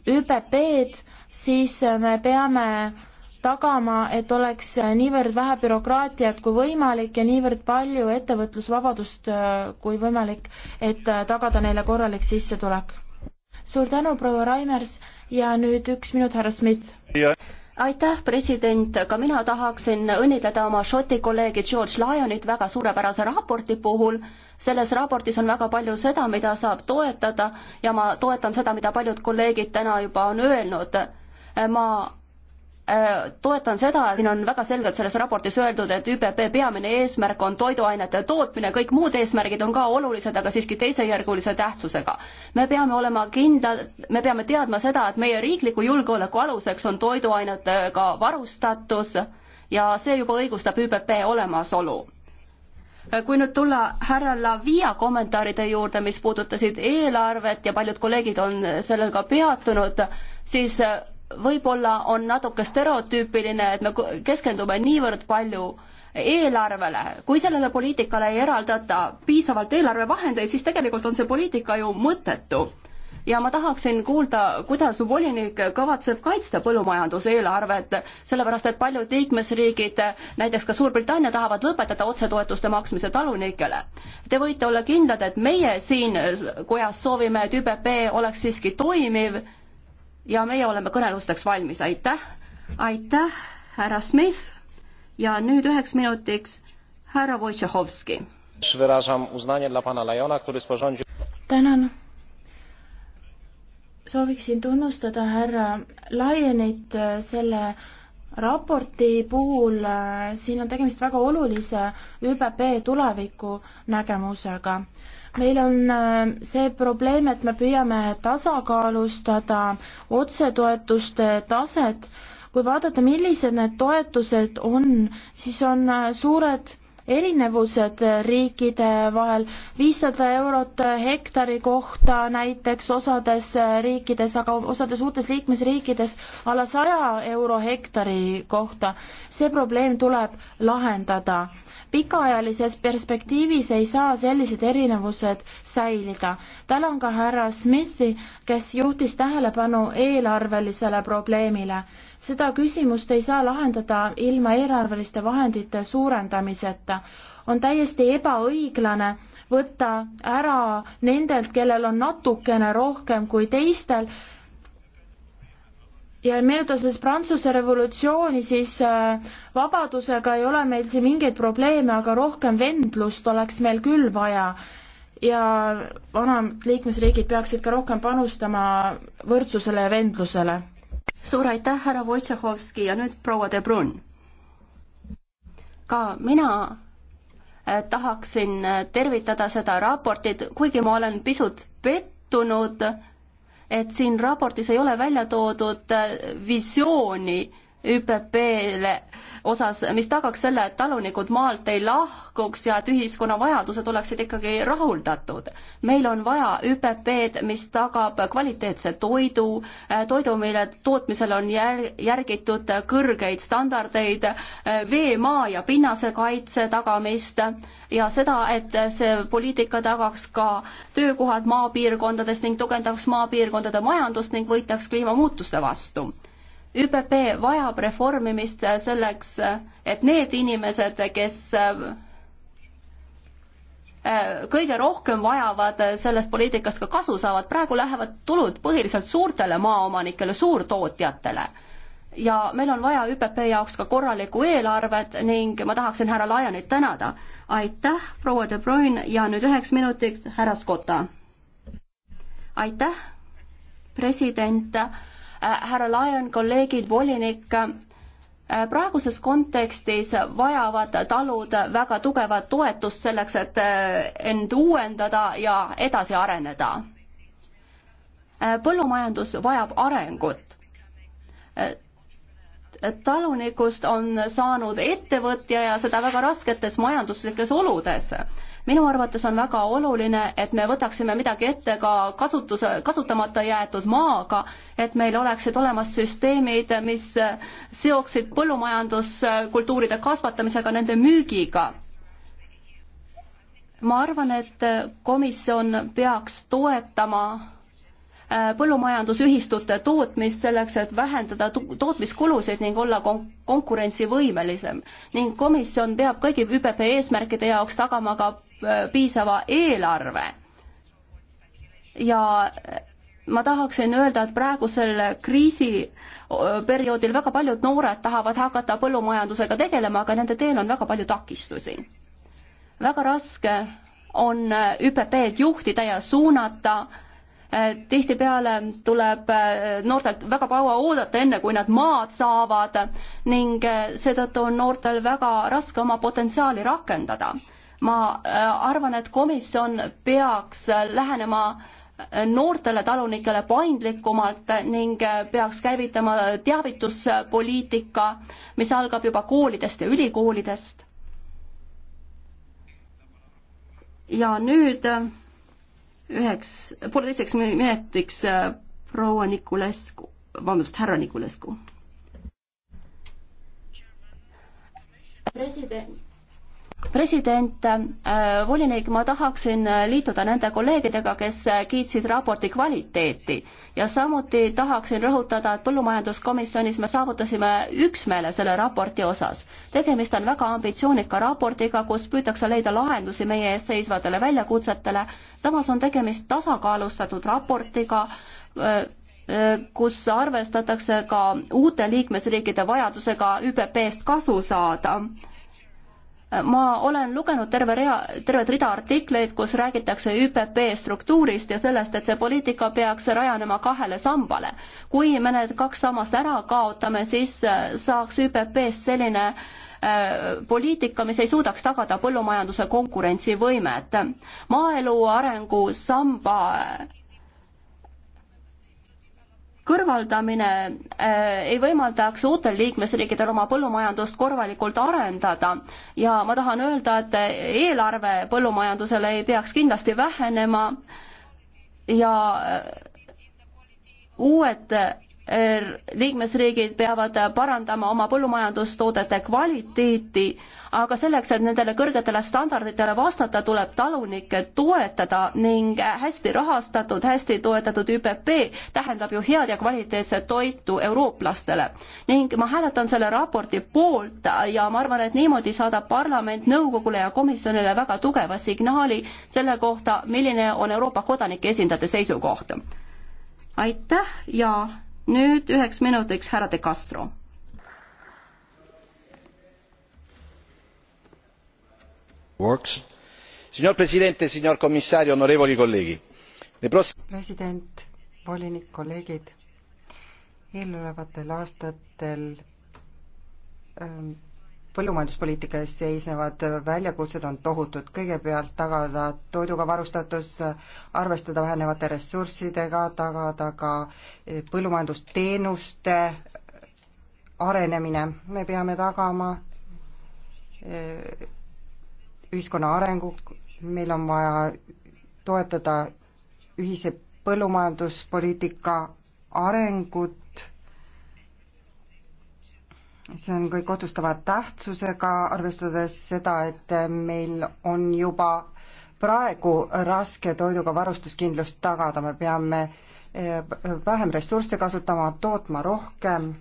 Speaker 3: ÜPP-d, siis äh, me peame tagama, et oleks äh, niivõrd vähe bürokraatiat kui võimalik ja niivõrd palju ettevõtlusvabadust äh, kui võimalik, et tagada neile korralik
Speaker 1: sissetulek. suur tänu, proua Raimers ja nüüd üks minut, härra Smith. aitäh, president, ka mina tahaksin õnnitleda oma Šoti kolleegi George Lyonit väga suurepärase raporti puhul selles raportis on väga palju seda, mida saab toetada ja ma toetan seda, mida paljud kolleegid täna juba on öelnud. ma äh, toetan seda, siin on väga selgelt selles raportis öeldud, et ÜPP peamine eesmärk on toiduainete tootmine, kõik muud eesmärgid on ka olulised, aga siiski teisejärgulise tähtsusega. me peame olema kindlad, me peame teadma seda, et meie riikliku julgeoleku aluseks on toiduainetega varustatus ja see juba õigustab ÜPP olemasolu Äh, kui nüüd tulla härra Lavia kommentaaride juurde, mis puudutasid eelarvet ja paljud kolleegid on sellel ka peatunud, siis äh, võib-olla on natuke stereotüüpiline, et me keskendume niivõrd palju eelarvele, kui sellele poliitikale ei eraldata piisavalt eelarvevahendeid, siis tegelikult on see poliitika ju mõttetu ja ma tahaksin kuulda, kuidas volinik kavatseb kaitsta põllumajanduseelarvet, sellepärast et paljud liikmesriigid, näiteks ka Suurbritannia, tahavad lõpetada otsetoetuste maksmise talunikele. Te võite olla kindlad, et meie siin kojas soovime, et ÜBB oleks siiski toimiv ja meie oleme kõnelusteks valmis, aitäh, aitäh, härra Smith ja nüüd üheks minutiks härra Wojciechowski. tänan
Speaker 3: sooviksin tunnustada härra Laienit äh, selle raporti puhul, äh, siin on tegemist väga olulise ÜBB tuleviku nägemusega. meil on äh, see probleem, et me püüame tasakaalustada otsetoetuste taset. kui vaadata, millised need toetused on, siis on suured erinevused riikide vahel, viissada eurot hektari kohta näiteks osades riikides, aga osades uutes liikmesriikides alla saja euro hektari kohta. see probleem tuleb lahendada pikaajalises perspektiivis ei saa sellised erinevused säilida. tänan ka härra Smithi, kes juhtis tähelepanu eelarvelisele probleemile. seda küsimust ei saa lahendada ilma eelarveliste vahendite suurendamiseta. on täiesti ebaõiglane võtta ära nendelt, kellel on natukene rohkem kui teistel, ja meenutades Prantsuse revolutsiooni, siis äh, vabadusega ei ole meil siin mingeid probleeme, aga rohkem vendlust oleks meil küll vaja. ja vanemad liikmesriigid peaksid
Speaker 1: ka rohkem panustama võrdsusele ja vendlusele. suur aitäh, härra Wojciechowski ja nüüd proua De Brun. ka mina äh, tahaksin äh, tervitada seda raportit, kuigi ma olen pisut pettunud et siin raportis ei ole välja toodud äh, visiooni ÜPP-le osas, mis tagaks selle, et talunikud maalt ei lahkuks ja et ühiskonna vajadused oleksid ikkagi rahuldatud. meil on vaja ÜPP-d, mis tagab kvaliteetse toidu, äh, toidu, mille tootmisel on jär-, järgitud kõrgeid standardeid, äh, vee, maa ja pinnase kaitse tagamist ja seda, et see poliitika tagaks ka töökohad maapiirkondades ning tugevdaks maapiirkondade majandust ning võitleks kliimamuutuste vastu ÜPP vajab reformimist selleks, et need inimesed, kes äh, kõige rohkem vajavad sellest poliitikast ka kasu saavad, praegu lähevad tulud põhiliselt suurtele maaomanikele, suurtootjatele. ja meil on vaja ÜPP jaoks ka korralikku eelarvet ning ma tahaksin härra Laianit tänada. aitäh, proua De Bruyne ja nüüd üheks minutiks härra Skotta. aitäh, president Äh, härra Lyon, kolleegid, volinik, äh, praeguses kontekstis vajavad talud väga tugevat toetust selleks, et äh, end uuendada ja edasi areneda. põllumajandus vajab arengut talunikust on saanud ettevõtja ja seda väga rasketes majanduslikes oludes. minu arvates on väga oluline, et me võtaksime midagi ette ka kasutuse, kasutamata jäetud maaga, et meil oleksid olemas süsteemid, mis seoksid põllumajanduskultuuride kasvatamisega nende müügiga. ma arvan, et komisjon peaks toetama põllumajandusühistute tootmist selleks, et vähendada tootmiskulusid ning olla kon konkurentsivõimelisem. ning komisjon peab kõigi ÜPP eesmärkide jaoks tagama ka äh, piisava eelarve. ja äh, ma tahaksin öelda, et praegusel kriisiperioodil äh, väga paljud noored tahavad hakata põllumajandusega tegelema, aga nende teel on väga palju takistusi. väga raske on ÜPP-d juhtida ja suunata Äh, tihtipeale tuleb äh, noortelt väga kaua oodata, enne kui nad maad saavad ning äh, seetõttu on noortel väga raske oma potentsiaali rakendada. ma arvan, et komisjon peaks lähenema noortele talunikele paindlikumalt ning peaks käivitama teavituspoliitika, mis algab juba koolidest ja ülikoolidest. ja nüüd üheks, pooleteiseks minutiks äh, proua Nikulescu, vabandust, härra Nikulescu. president president, äh, volinik, ma tahaksin äh, liituda nende kolleegidega, kes äh, kiitsid raporti kvaliteeti ja samuti tahaksin rõhutada, et põllumajanduskomisjonis me saavutasime üksmeele selle raporti osas. tegemist on väga ambitsioonika raportiga, kus püütakse leida lahendusi meie ees seisvatele väljakutsetele, samas on tegemist tasakaalustatud raportiga, kus arvestatakse ka uute liikmesriikide vajadusega ÜPP-st kasu saada ma olen lugenud terve rea, tervet rida artikleid, kus räägitakse ÜPP struktuurist ja sellest, et see poliitika peaks rajanema kahele sambale. kui me need kaks sammast ära kaotame, siis äh, saaks ÜPP-st selline äh, poliitika, mis ei suudaks tagada põllumajanduse konkurentsivõimet. maaelu arengusamba kõrvaldamine äh, ei võimaldaks uutel liikmesriikidel oma põllumajandust korralikult arendada ja ma tahan öelda, et eelarve põllumajandusele ei peaks kindlasti vähenema ja äh, uued Äh, liikmesriigid peavad parandama oma põllumajandustoodete kvaliteeti, aga selleks, et nendele kõrgetele standarditele vastata, tuleb talunikke toetada ning hästi rahastatud, hästi toetatud ÜPP tähendab ju head ja kvaliteetset toitu eurooplastele. ning ma hääletan selle raporti poolt ja ma arvan, et niimoodi saadab parlament nõukogule ja komisjonile väga tugeva signaali selle kohta, milline on Euroopa kodanike esindajate seisukoht. aitäh ja nüüd üheks minutiks härra De Castro. Works. Signor Presidente, signor Commissario, onorevoli colleghi.
Speaker 2: president, volinik, kolleegid. eelolevatel aastatel ähm, põllumajanduspoliitika ees seisnevad väljakutsed on tohutud. kõigepealt tagada toiduga varustatus, arvestada vähenevate ressurssidega, tagada ka e, põllumajandusteenuste arenemine. me peame tagama e, ühiskonna arengu, meil on vaja toetada ühise põllumajanduspoliitika arengut see on kõik otsustava tähtsusega, arvestades seda, et meil on juba praegu raske toiduga varustuskindlust tagada, me peame eh, vähem ressursse kasutama, tootma rohkem.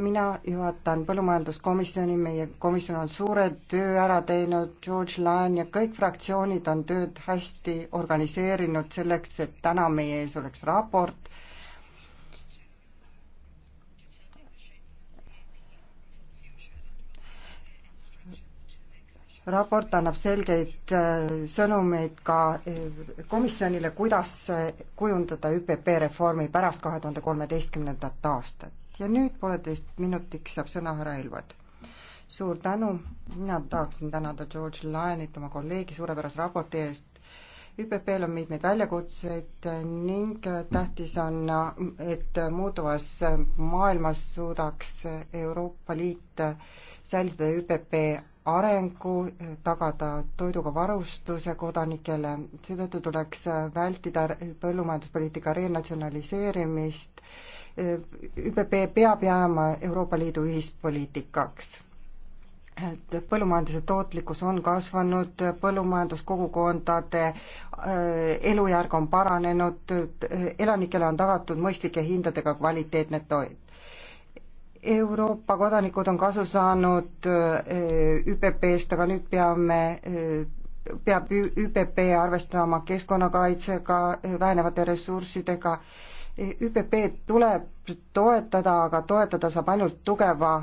Speaker 2: mina juhatan põllumajanduskomisjoni, meie komisjon on suure töö ära teinud, George Lane ja kõik fraktsioonid on tööd hästi organiseerinud selleks, et täna meie ees oleks raport, raport annab selgeid äh, sõnumeid ka äh, komisjonile, kuidas äh, kujundada ÜPP reformi pärast kahe tuhande kolmeteistkümnendat aastat. ja nüüd pooleteist minutiks saab sõna härra Elvad. suur tänu, mina tahaksin tänada George Lyonit, oma kolleegi, suurepärase raporti eest. ÜPP-l on mitmeid väljakutseid ning tähtis on, et muutuvas maailmas suudaks Euroopa Liit säilitada ÜPP arengu, tagada toiduga varustuse kodanikele, seetõttu tuleks vältida põllumajanduspoliitika renatsionaliseerimist. ÜPP peab jääma Euroopa Liidu ühispoliitikaks. et põllumajanduse tootlikkus on kasvanud, põllumajanduskogukondade äh, elujärg on paranenud, äh, elanikele on tagatud mõistlike hindadega kvaliteetne toit Euroopa kodanikud on kasu saanud eh, ÜPP-st, aga nüüd peame, eh, peab ÜPP arvestama keskkonnakaitsega, eh, vähenevate ressurssidega. ÜPP-d tuleb toetada, aga toetada saab ainult tugeva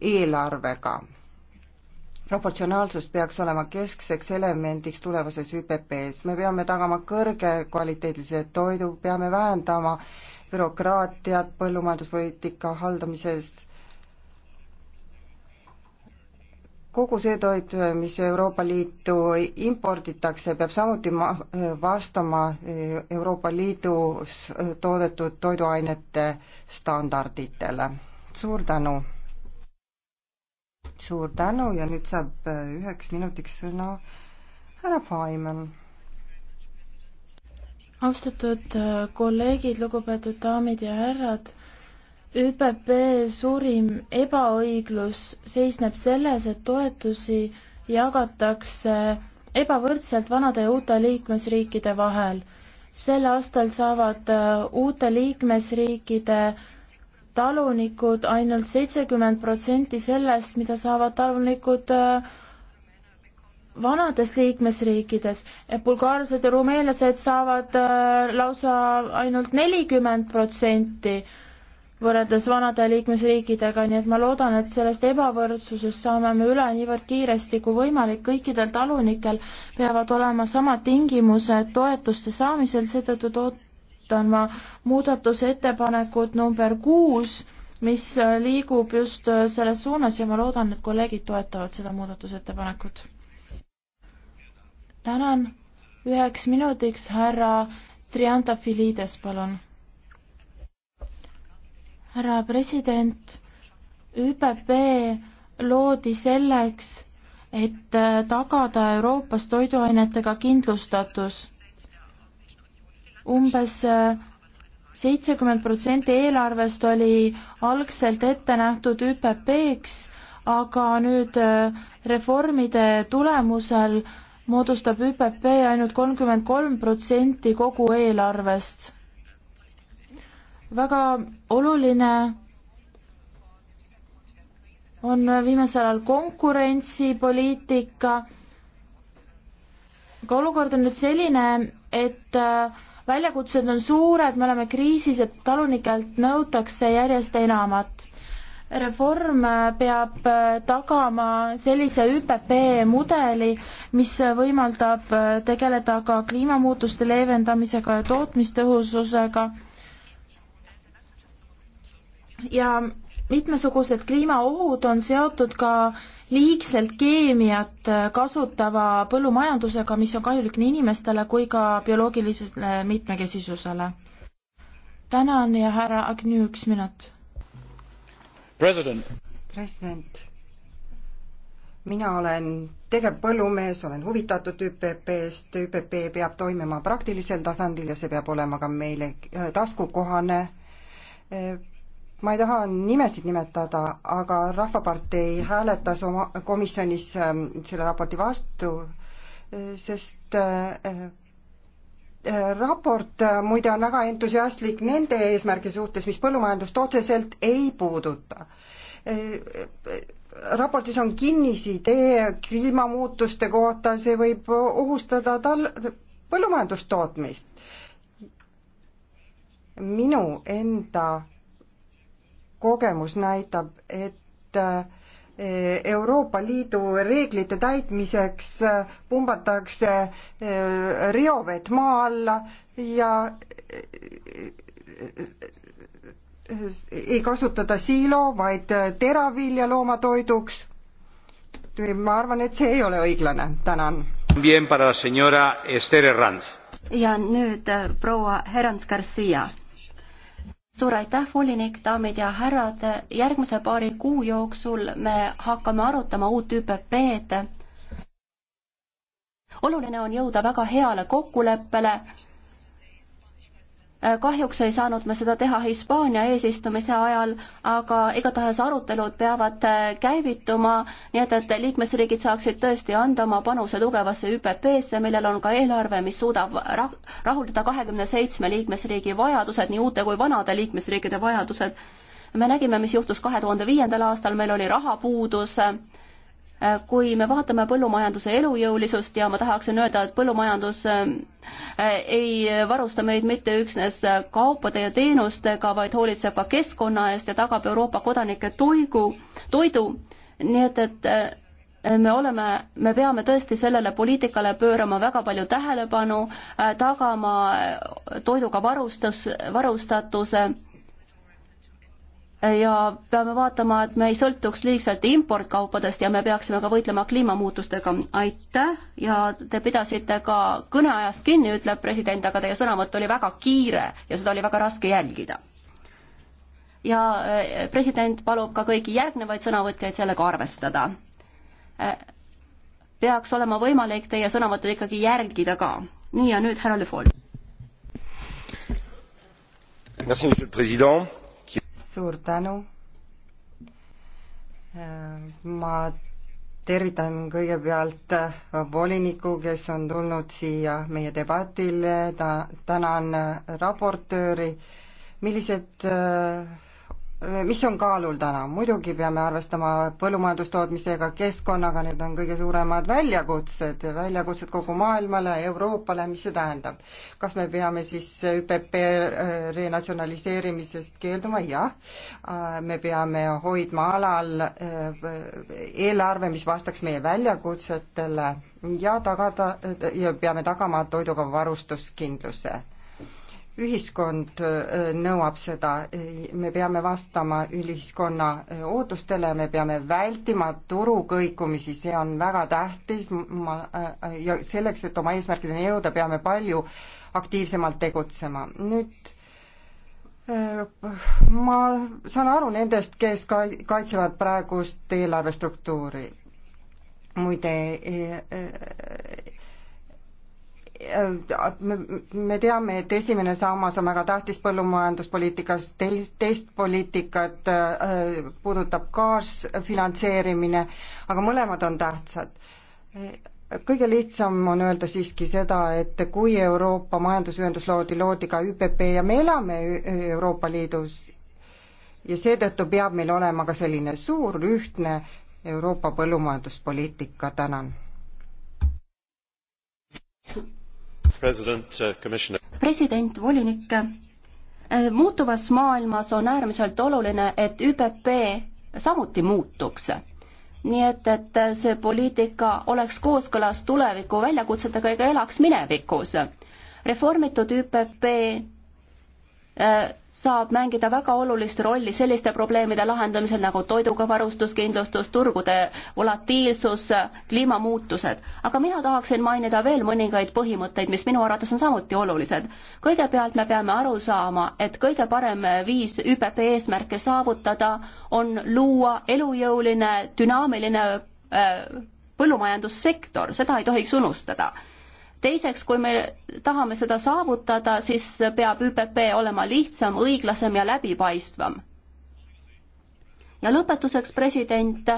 Speaker 2: eelarvega. proportsionaalsus peaks olema keskseks elemendiks tulevases ÜPP-s. me peame tagama kõrgekvaliteedilise toidu, peame vähendama äh, bürokraatiat põllumajanduspoliitika haldamises. kogu see toit, mis Euroopa Liitu imporditakse, peab samuti ma-, vastama Euroopa Liidus toodetud toiduainete standarditele. suur tänu! suur tänu ja nüüd saab üheks minutiks sõna härra Faimann austatud äh, kolleegid, lugupeetud daamid ja härrad.
Speaker 3: ÜPP suurim ebaõiglus seisneb selles, et toetusi jagatakse ebavõrdselt vanade ja uute liikmesriikide vahel. sel aastal saavad äh, uute liikmesriikide talunikud ainult seitsekümmend protsenti sellest, mida saavad talunikud äh, vanades liikmesriikides bulgaarlased ja rumeenlased saavad äh, lausa ainult nelikümmend protsenti võrreldes vanade liikmesriikidega, nii et ma loodan, et sellest ebavõrdsusest saame me üle niivõrd kiiresti kui võimalik, kõikidel talunikel peavad olema samad tingimused toetuste saamisel, seetõttu ootan ma muudatusettepanekut number kuus, mis äh, liigub just äh, selles suunas ja ma loodan, et kolleegid toetavad seda muudatusettepanekut tänan, üheks minutiks härra Triantafilides, palun. härra president, ÜPP loodi selleks, et äh, tagada Euroopas toiduainetega kindlustatus umbes. umbes äh, seitsekümmend protsenti eelarvest oli algselt ette nähtud ÜPP-ks, aga nüüd äh, reformide tulemusel moodustab ÜPP ainult kolmkümmend kolm protsenti kogu eelarvest. väga oluline on viimasel ajal konkurentsipoliitika, aga olukord on nüüd selline, et äh, väljakutsed on suured, me oleme kriisis ja talunikelt nõutakse järjest enamat reform peab äh, tagama sellise ÜPP mudeli, mis võimaldab äh, tegeleda ka kliimamuutuste leevendamisega ja tootmistõhususega. ja mitmesugused kliimaohud on seotud ka liigselt keemiat äh, kasutava põllumajandusega, mis on kahjulik nii inimestele kui ka bioloogilisele mitmekesisusele. tänan ja härra Agnew,
Speaker 2: üks minut president, president mina olen tegevpõllumees, olen huvitatud ÜPP-st, ÜPP peab toimima praktilisel tasandil ja see peab olema ka meile äh, taskukohane. Äh, ma ei taha nimesid nimetada, aga Rahvapartei hääletas oma komisjonis ähm, selle raporti vastu, äh, sest raport äh, muide on väga entusiastlik nende eesmärgi suhtes, mis põllumajandust otseselt ei puuduta. Äh, raportis on kinnisidee kliimamuutuste kohta, see võib ohustada tal põllumajandustootmist. minu enda kogemus näitab, et äh, Euroopa Liidu reeglite täitmiseks pumbatakse eh, reovett maa alla ja eh, ei kasutata siilo, vaid eh, teravilja loomatoiduks. ma arvan, et see ei ole õiglane, tänan. ja nüüd proua Herans Garcia suur aitäh,
Speaker 1: volinik, daamid ja härrad, järgmise paari kuu jooksul me hakkame arutama uut ÜPP-d. oluline on jõuda väga heale kokkuleppele Äh, kahjuks ei saanud me seda teha Hispaania eesistumise ajal, aga igatahes arutelud peavad äh, käivituma, nii et, et liikmesriigid saaksid tõesti anda oma panuse tugevasse ÜPP-sse, millel on ka eelarve, mis suudab rah-, rahuldada kahekümne seitsme liikmesriigi vajadused, nii uute kui vanade liikmesriikide vajadused. me nägime, mis juhtus kahe tuhande viiendal aastal, meil oli rahapuudus kui me vaatame põllumajanduse elujõulisust ja ma tahaksin öelda, et põllumajandus äh, ei varusta meid mitte üksnes kaupade ja teenustega, vaid hoolitseb ka keskkonna eest ja tagab Euroopa kodanike toigu, toidu, nii et, et äh, me oleme, me peame tõesti sellele poliitikale pöörama väga palju tähelepanu, äh, tagama toiduga varustus, varustatuse ja peame vaatama, et me ei sõltuks liigselt importkaupadest ja me peaksime ka võitlema kliimamuutustega. aitäh ja te pidasite ka kõneajast kinni, ütleb president, aga teie sõnavõtt oli väga kiire ja seda oli väga raske jälgida. ja eh, president palub ka kõiki järgnevaid sõnavõtjaid sellega arvestada. Eh, peaks olema võimalik teie sõnavõttu ikkagi jälgida ka. nii ja nüüd
Speaker 2: härra Le Foll.
Speaker 3: Merci, monsieur le président
Speaker 2: suur tänu. ma tervitan kõigepealt volinikku, kes on tulnud siia meie debatile, ta, tänan raportööri. millised mis on kaalul täna, muidugi peame arvestama põllumajandustootmisega, keskkonnaga, need on kõige suuremad väljakutsed, väljakutsed kogu maailmale, Euroopale, mis see tähendab? kas me peame siis ÜPP äh, renatsionaliseerimisest keelduma? jah. Äh, me peame hoidma alal äh, eelarve, mis vastaks meie väljakutsetele ja tagada ja peame tagama toiduga varustuskindluse ühiskond äh, nõuab seda, me peame vastama ühiskonna äh, ootustele, me peame vältima turukõikumisi, see on väga tähtis, ma äh, ja selleks, et oma eesmärkideni jõuda, peame palju aktiivsemalt tegutsema. nüüd ma saan aru nendest, kes ka-, kaitsevad praegust eelarvestruktuuri muide me teame, et esimene sammas on väga tähtis põllumajanduspoliitikas, teist, teist poliitikat äh, puudutab kaasfinantseerimine, aga mõlemad on tähtsad. kõige lihtsam on öelda siiski seda, et kui Euroopa majandusühendus loodi, loodi ka ÜPP ja me elame Euroopa Liidus ja seetõttu peab meil olema ka selline suur ühtne Euroopa põllumajanduspoliitika, tänan Uh,
Speaker 1: president, volinik, uh, muutuvas maailmas on äärmiselt oluline, et ÜPP samuti muutuks. nii et, et see poliitika oleks kooskõlas tuleviku väljakutsetega ega elaks minevikus. reformitud ÜPP Äh, saab mängida väga olulist rolli selliste probleemide lahendamisel nagu toiduga varustuskindlustus, turgude volatiilsus, kliimamuutused. aga mina tahaksin mainida veel mõningaid põhimõtteid, mis minu arvates on samuti olulised. kõigepealt me peame aru saama, et kõige parem viis ÜPP eesmärke saavutada on luua elujõuline, dünaamiline äh, põllumajandussektor, seda ei tohiks unustada teiseks, kui me tahame seda saavutada, siis peab ÜPP olema lihtsam, õiglasem ja läbipaistvam. ja lõpetuseks, president,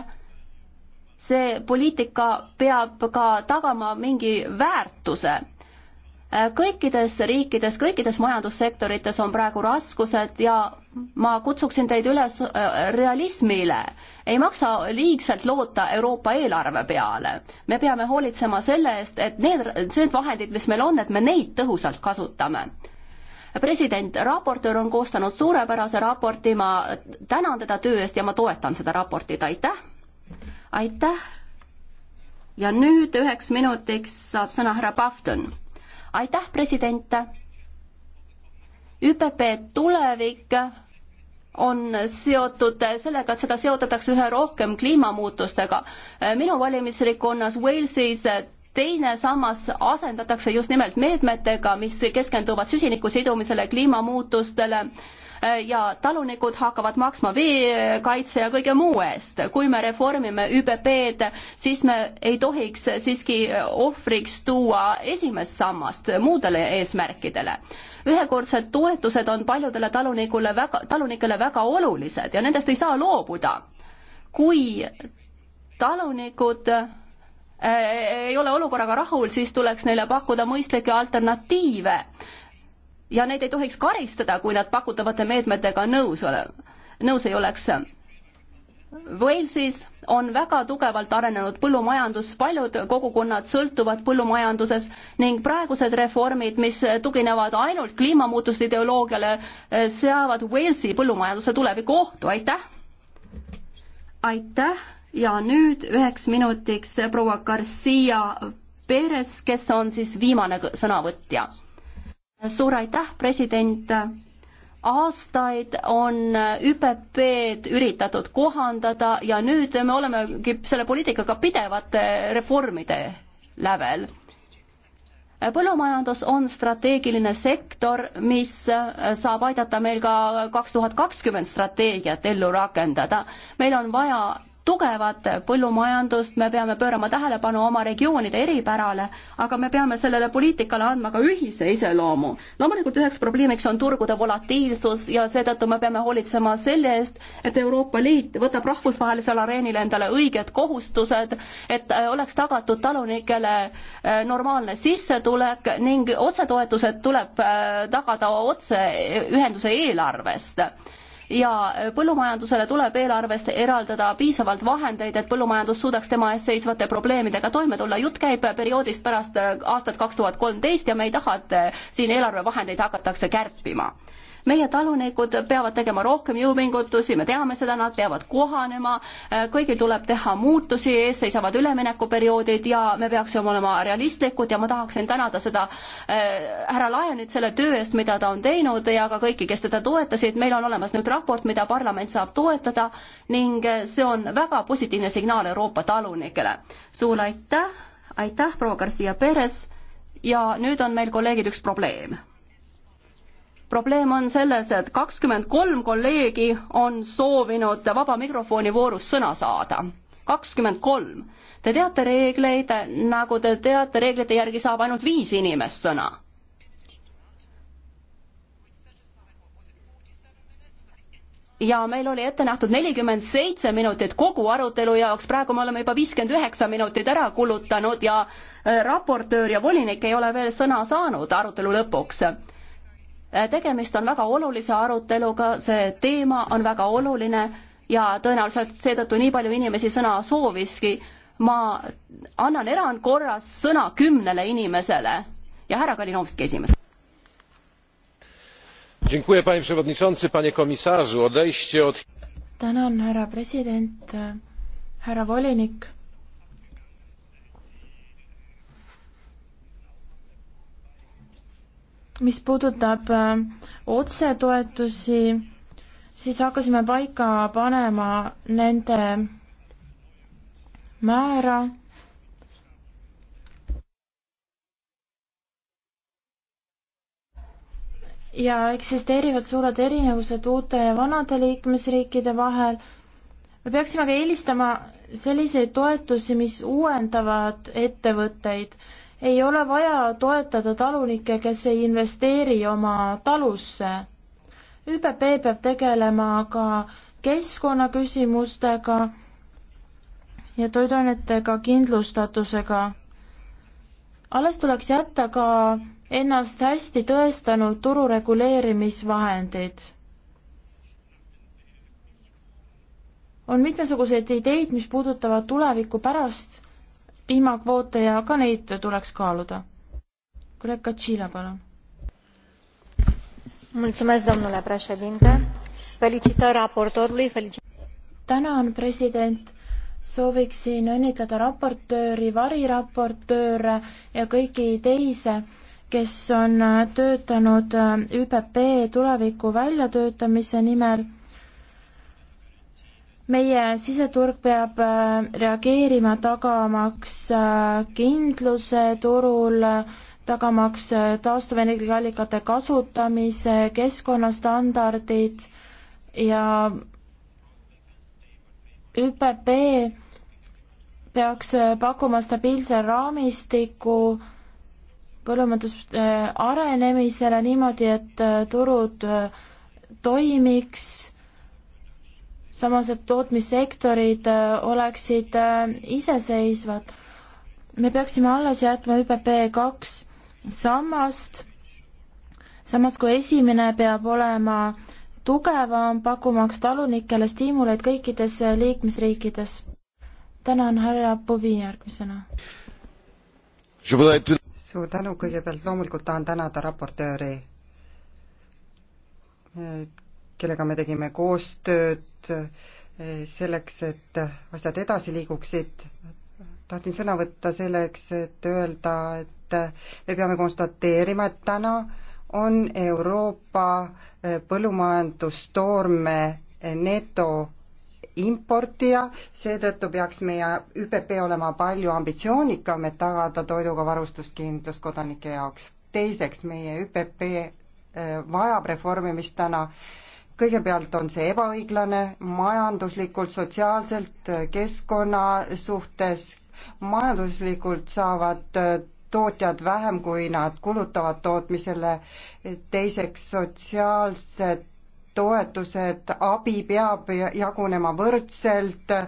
Speaker 1: see poliitika peab ka tagama mingi väärtuse kõikides riikides, kõikides majandussektorites on praegu raskused ja ma kutsuksin teid üles äh, realismile. ei maksa liigselt loota Euroopa eelarve peale. me peame hoolitsema selle eest, et need, need vahendid, mis meil on, et me neid tõhusalt kasutame president, raportöör on koostanud suurepärase raporti, ma tänan teda töö eest ja ma toetan seda raportit, aitäh! aitäh! ja nüüd üheks minutiks saab sõna härra Pafton aitäh, president. ÜPP tulevik on seotud sellega, et seda seotatakse üha rohkem kliimamuutustega. minu valimisringkonnas Walesis teine sammas asendatakse just nimelt meetmetega, mis keskenduvad süsiniku sidumisele, kliimamuutustele äh, ja talunikud hakkavad maksma veekaitse ja kõige muu eest. kui me reformime ÜBB-d, siis me ei tohiks siiski ohvriks tuua esimest sammast muudele eesmärkidele. ühekordsed toetused on paljudele talunikule väga, talunikele väga olulised ja nendest ei saa loobuda. kui talunikud Äh, ei ole olukorraga rahul, siis tuleks neile pakkuda mõistlikke alternatiive. ja neid ei tohiks karistada, kui nad pakutavate meetmetega nõus ole, nõus ei oleks. Walesis on väga tugevalt arenenud põllumajandus, paljud kogukonnad sõltuvad põllumajanduses ning praegused reformid, mis tuginevad ainult kliimamuutuste ideoloogiale, seavad Walesi põllumajanduse tuleviku ohtu, aitäh! aitäh! ja nüüd üheks minutiks proua Garcia Perez, kes on siis viimane sõnavõtja. suur aitäh, president aastaid on ÜPP-d üritatud kohandada ja nüüd me olemegi selle poliitikaga pidevate reformide lävel. põllumajandus on strateegiline sektor, mis saab aidata meil ka kaks tuhat kakskümmend strateegiat ellu rakendada. meil on vaja tugevat põllumajandust, me peame pöörama tähelepanu oma regioonide eripärale, aga me peame sellele poliitikale andma ka ühise iseloomu. loomulikult üheks probleemiks on turgude volatiilsus ja seetõttu me peame hoolitsema selle eest, et Euroopa Liit võtab rahvusvahelisel areenil endale õiged kohustused, et äh, oleks tagatud talunikele äh, normaalne sissetulek ning otsetoetused tuleb äh, tagada otse ühenduse eelarvest ja põllumajandusele tuleb eelarvest eraldada piisavalt vahendeid, et põllumajandus suudaks tema ees seisvate probleemidega toime tulla. jutt käib perioodist pärast aastat kaks tuhat kolmteist ja me ei taha, et siin eelarvevahendeid hakatakse kärpima meie talunikud peavad tegema rohkem jõupingutusi, me teame seda, nad peavad kohanema, äh, kõigil tuleb teha muutusi, ees seisavad üleminekuperioodid ja me peaksime olema realistlikud ja ma tahaksin tänada seda äh, härra Laianit selle töö eest, mida ta on teinud ja ka kõiki, kes teda toetasid, meil on olemas nüüd raport, mida parlament saab toetada ning äh, see on väga positiivne signaal Euroopa talunikele. suur aitäh, aitäh, proua Garcia Perez ja nüüd on meil kolleegid üks probleem probleem on selles, et kakskümmend kolm kolleegi on soovinud vaba mikrofoni voorus sõna saada. kakskümmend kolm. Te teate reegleid, nagu te teate, reeglite järgi saab ainult viis inimest sõna. ja meil oli ette nähtud nelikümmend seitse minutit kogu arutelu jaoks, praegu me oleme juba viiskümmend üheksa minutit ära kulutanud ja äh, raportöör ja volinik ei ole veel sõna saanud arutelu lõpuks Äh, tegemist on väga olulise aruteluga, see teema on väga oluline ja tõenäoliselt seetõttu nii palju inimesi sõna sooviski. ma annan erandkorras sõna kümnele inimesele ja härra Kalinovski esimesena
Speaker 3: panie przewodniczący panie komisarzu! odejście od. tänan härra president härra volinik mis puudutab äh, otsetoetusi, siis hakkasime paika panema nende määra ja eksisteerivad suured erinevused uute ja vanade liikmesriikide vahel. me peaksime ka eelistama selliseid toetusi, mis uuendavad ettevõtteid ei ole vaja toetada talunikke, kes ei investeeri oma talusse. ÜBB peab tegelema ka keskkonnaküsimustega ja toiduainetega kindlustatusega. alles tuleks jätta ka ennast hästi tõestanud turu reguleerimisvahendid. on mitmesuguseid ideid, mis puudutavad tulevikku pärast piimakvoote ja ka neid tuleks kaaluda. kolleeg Katšila, palun. tänan, president. sooviksin õnnitleda raportööri, variraportööre ja kõiki teise, kes on töötanud äh, ÜPP tuleviku väljatöötamise nimel meie siseturg peab äh, reageerima, tagamaks äh, kindluse turul, tagamaks äh, taastuvenergiaallikate kasutamise, keskkonnastandardid ja ÜPP peaks pakkuma stabiilse raamistiku põllumajanduse arenemisele niimoodi, et turud toimiks samas, et tootmissektorid äh, oleksid äh, iseseisvad. me peaksime alles jätma ÜPP kaks sammast, samas kui esimene peab olema tugevam, pakkumaks talunikele stiimuleid kõikides äh, liikmesriikides. tänan, härra Puvi,
Speaker 2: järgmisena. suur tänu, kõigepealt loomulikult tahan tänada raportööri kellega me tegime koostööd eh, selleks, et asjad edasi liiguksid. tahtsin sõna võtta selleks, et öelda, et me peame konstateerima, et täna on Euroopa eh, põllumajandustoorme eh, neto importija, seetõttu peaks meie ÜPP olema palju ambitsioonikam, et tagada toiduga varustuskindlus kodanike jaoks. teiseks, meie ÜPP vajab reformimist täna kõigepealt on see ebaõiglane majanduslikult, sotsiaalselt, keskkonna suhtes, majanduslikult saavad äh, tootjad vähem, kui nad kulutavad tootmisele, teiseks sotsiaalsed toetused, abi peab jagunema võrdselt äh,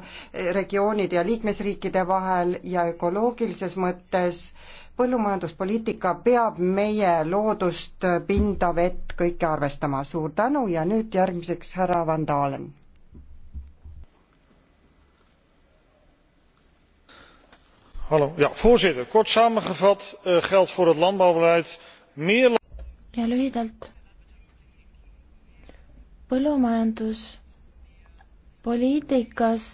Speaker 2: regioonide ja liikmesriikide vahel ja ökoloogilises mõttes põllumajanduspoliitika peab meie loodust, pinda, vett, kõike arvestama. suur tänu ja nüüd järgmiseks härra Van Dalen. Hallo, ja voorzitter, kort samengevat uh, geldt voor het landbouwbeleid meer.
Speaker 3: ja lühidalt. põllumajanduspoliitikas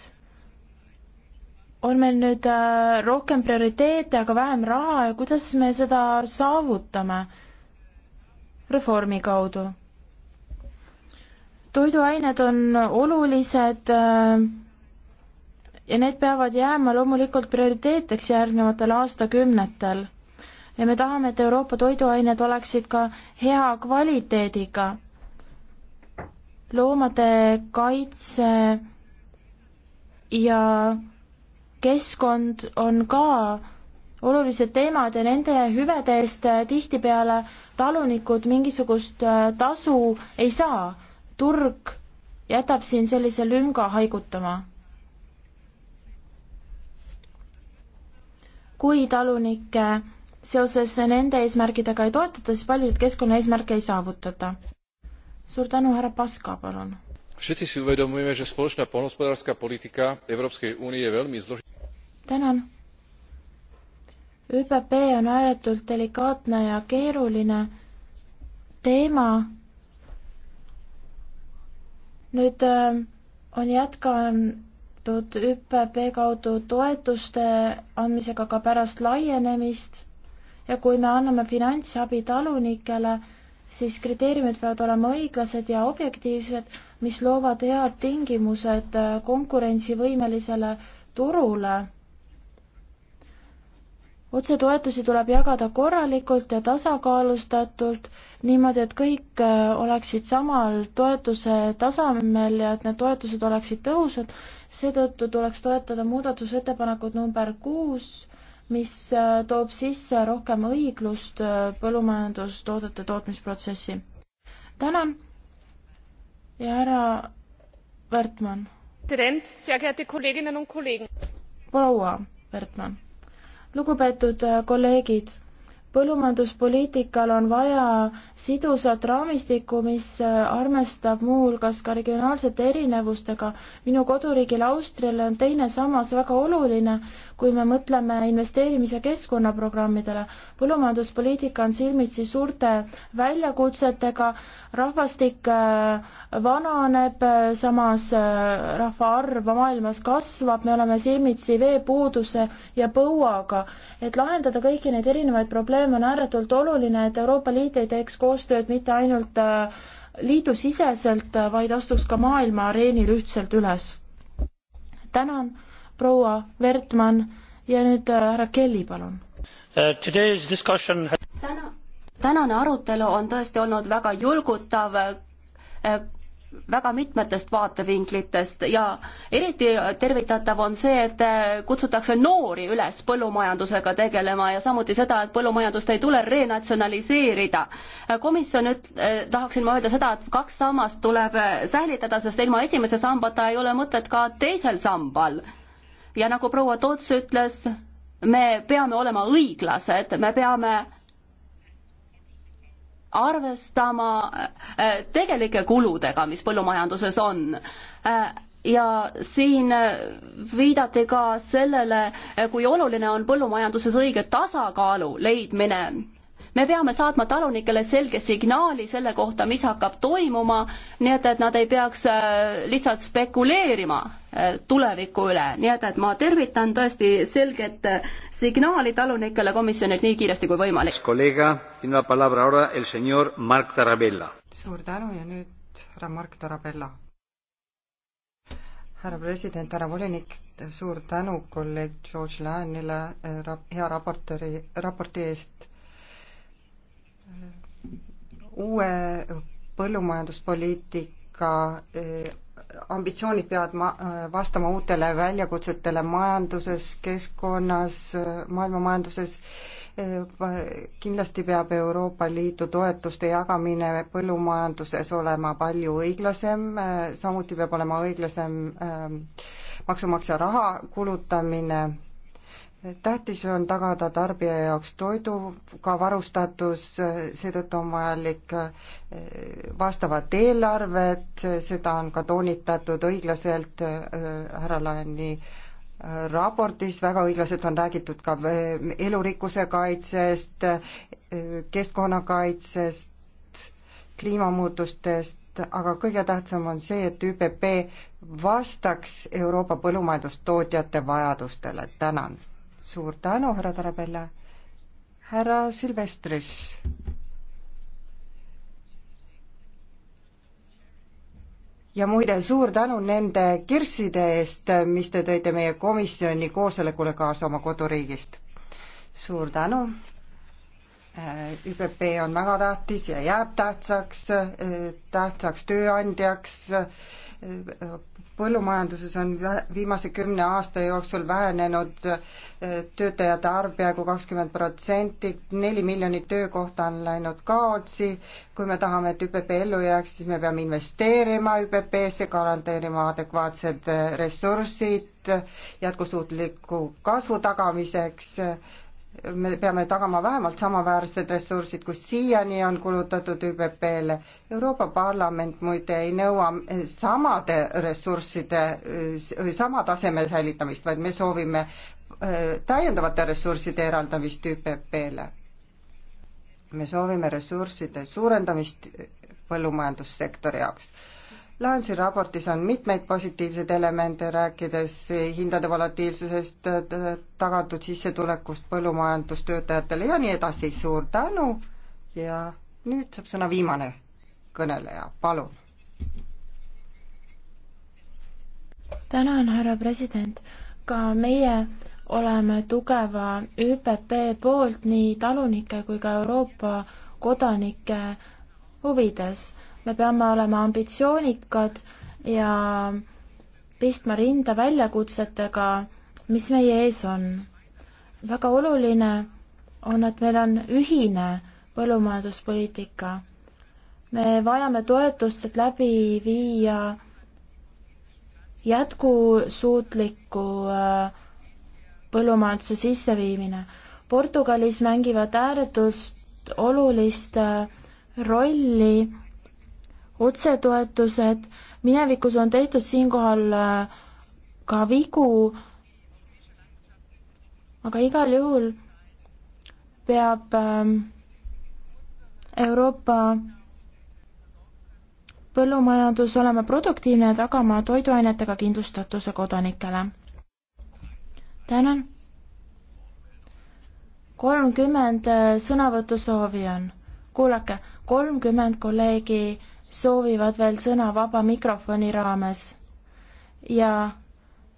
Speaker 3: on meil nüüd äh, rohkem prioriteete, aga vähem raha ja kuidas me seda saavutame? reformi kaudu. toiduained on olulised äh, ja need peavad jääma loomulikult prioriteeteks järgnevatel aastakümnetel. ja me tahame, et Euroopa toiduained oleksid ka hea kvaliteediga. loomade kaitse ja keskkond on ka olulised teemad ja nende hüvede eest äh, tihtipeale talunikud mingisugust äh, tasu ei saa. turg jätab siin sellise lünga haigutama. kui talunikke seoses nende eesmärkidega ei toetata, siis paljusid keskkonnaeesmärke ei saavutata. suur tänu, härra Paska, palun.
Speaker 2: Všetci si uvedomujeme, že spoločná poľnohospodárska politika Európskej únie je veľmi zložitá
Speaker 3: tänan. ÜPP on ääretult delikaatne ja keeruline teema. nüüd äh, on jätkatud ÜPP kaudu toetuste andmisega ka pärast laienemist ja kui me anname finantsabi talunikele, siis kriteeriumid peavad olema õiglased ja objektiivsed, mis loovad head tingimused äh, konkurentsivõimelisele turule otsetoetusi tuleb jagada korralikult ja tasakaalustatult, niimoodi, et kõik äh, oleksid samal toetuse tasemel ja et need toetused oleksid tõhusad, seetõttu tuleks toetada muudatusettepanekut number kuus, mis äh, toob sisse rohkem õiglust äh, põllumajandustoodete tootmisprotsessi. tänan ja härra Wertmann. proua Wertmann lugupeetud äh, kolleegid, põllumajanduspoliitikal on vaja sidusat raamistikku, mis äh, armestab muuhulgas ka regionaalsete erinevustega. minu koduriigil Austrial on teine sammas väga oluline, kui me mõtleme investeerimise keskkonnaprogrammidele. põllumajanduspoliitika on silmitsi suurte väljakutsetega, rahvastik äh, vananeb, äh, samas äh, rahvaarv maailmas kasvab, me oleme silmitsi veepuuduse ja põuaga. et lahendada kõiki neid erinevaid probleeme, on ääretult oluline, et Euroopa Liit ei teeks koostööd mitte ainult liidusiseselt, vaid astuks ka maailma areenil ühtselt üles. tänan proua Vertmann ja
Speaker 1: nüüd äh, härra Kelly, palun
Speaker 2: uh,. Discussion... täna,
Speaker 1: tänane arutelu on tõesti olnud väga julgutav äh, väga mitmetest vaatevinklitest ja eriti tervitatav on see, et äh, kutsutakse noori üles põllumajandusega tegelema ja samuti seda, et põllumajandust ei tule renatsionaliseerida. komisjon üt-, tahaksin ma öelda seda, et kaks sammast tuleb säilitada, sest ilma esimese sambata ei ole mõtet ka teisel sambal ja nagu proua Toots ütles, me peame olema õiglased, me peame arvestama äh, tegelike kuludega, mis põllumajanduses on. Äh, ja siin äh, viidati ka sellele, kui oluline on põllumajanduses õige tasakaalu leidmine me peame saatma talunikele selge signaali selle kohta, mis hakkab toimuma, nii et, et nad ei peaks äh, lihtsalt spekuleerima äh, tuleviku üle, nii et, et ma tervitan tõesti selget äh, signaali talunikele komisjonilt nii kiiresti kui võimalik.
Speaker 2: suur tänu ja nüüd härra Mark Tarabella. härra president, härra volinik, suur tänu kolleeg George Läänile hea raportööri, raporti eest uue põllumajanduspoliitika eh, ambitsioonid peavad ma-, eh, vastama uutele väljakutsetele majanduses, keskkonnas, eh, maailmamajanduses, kindlasti peab Euroopa Liidu toetuste jagamine põllumajanduses olema palju õiglasem, samuti peab olema õiglasem maksumaksja raha kulutamine tähtis on tagada tarbija jaoks toiduga varustatus, seetõttu on vajalik eh, vastavat eelarvet, seda on ka toonitatud õiglaselt eh, härra Laani eh, raportis, väga õiglaselt on räägitud ka elurikkuse kaitsest, keskkonnakaitsest, kliimamuutustest, aga kõige tähtsam on see, et ÜPP vastaks Euroopa põllumajandustootjate vajadustele, tänan suur tänu, härra Tarabella. härra Silvestris. ja muide, suur tänu nende kirsside eest, mis te tõite meie komisjoni koosolekule kaasa oma koduriigist. suur tänu. Äh, ÜPP on väga tähtis ja jääb tähtsaks, äh, tähtsaks tööandjaks äh, põllumajanduses on viimase kümne aasta jooksul vähenenud eh, töötajate arv peaaegu kakskümmend protsenti, neli miljonit töökohta on läinud kaotsi. kui me tahame, et ÜPP ellu jääks, siis me peame investeerima ÜPP-sse, garanteerima adekvaatsed eh, ressursid jätkusuutliku kasvu tagamiseks me peame tagama vähemalt samaväärsed ressursid, kus siiani on kulutatud ÜPP-le. Euroopa Parlament muide ei nõua samade ressursside või sama taseme säilitamist, vaid me soovime äh, täiendavate ressursside eraldamist ÜPP-le. me soovime ressursside suurendamist põllumajandussektori jaoks Laensi raportis on mitmeid positiivseid elemente, rääkides hindade volatiilsusest, tagatud sissetulekust põllumajandustöötajatele ja nii edasi. suur tänu ja nüüd saab sõna viimane kõneleja, palun.
Speaker 3: tänan, härra president. ka meie oleme tugeva ÜPP poolt nii talunike kui ka Euroopa kodanike huvides me peame olema ambitsioonikad ja pistma rinda väljakutsetega, mis meie ees on. väga oluline on, et meil on ühine põllumajanduspoliitika. me vajame toetust, et läbi viia jätkusuutliku äh, põllumajanduse sisseviimine. Portugalis mängivad ääretult olulist äh, rolli otsetoetused, minevikus on tehtud siinkohal äh, ka vigu, aga igal juhul peab ähm, Euroopa põllumajandus olema produktiivne ja tagama toiduainetega kindlustatuse kodanikele. tänan. kolmkümmend äh, sõnavõtusoovi on. kuulake, kolmkümmend kolleegi soovivad veel sõna vaba mikrofoni raames ja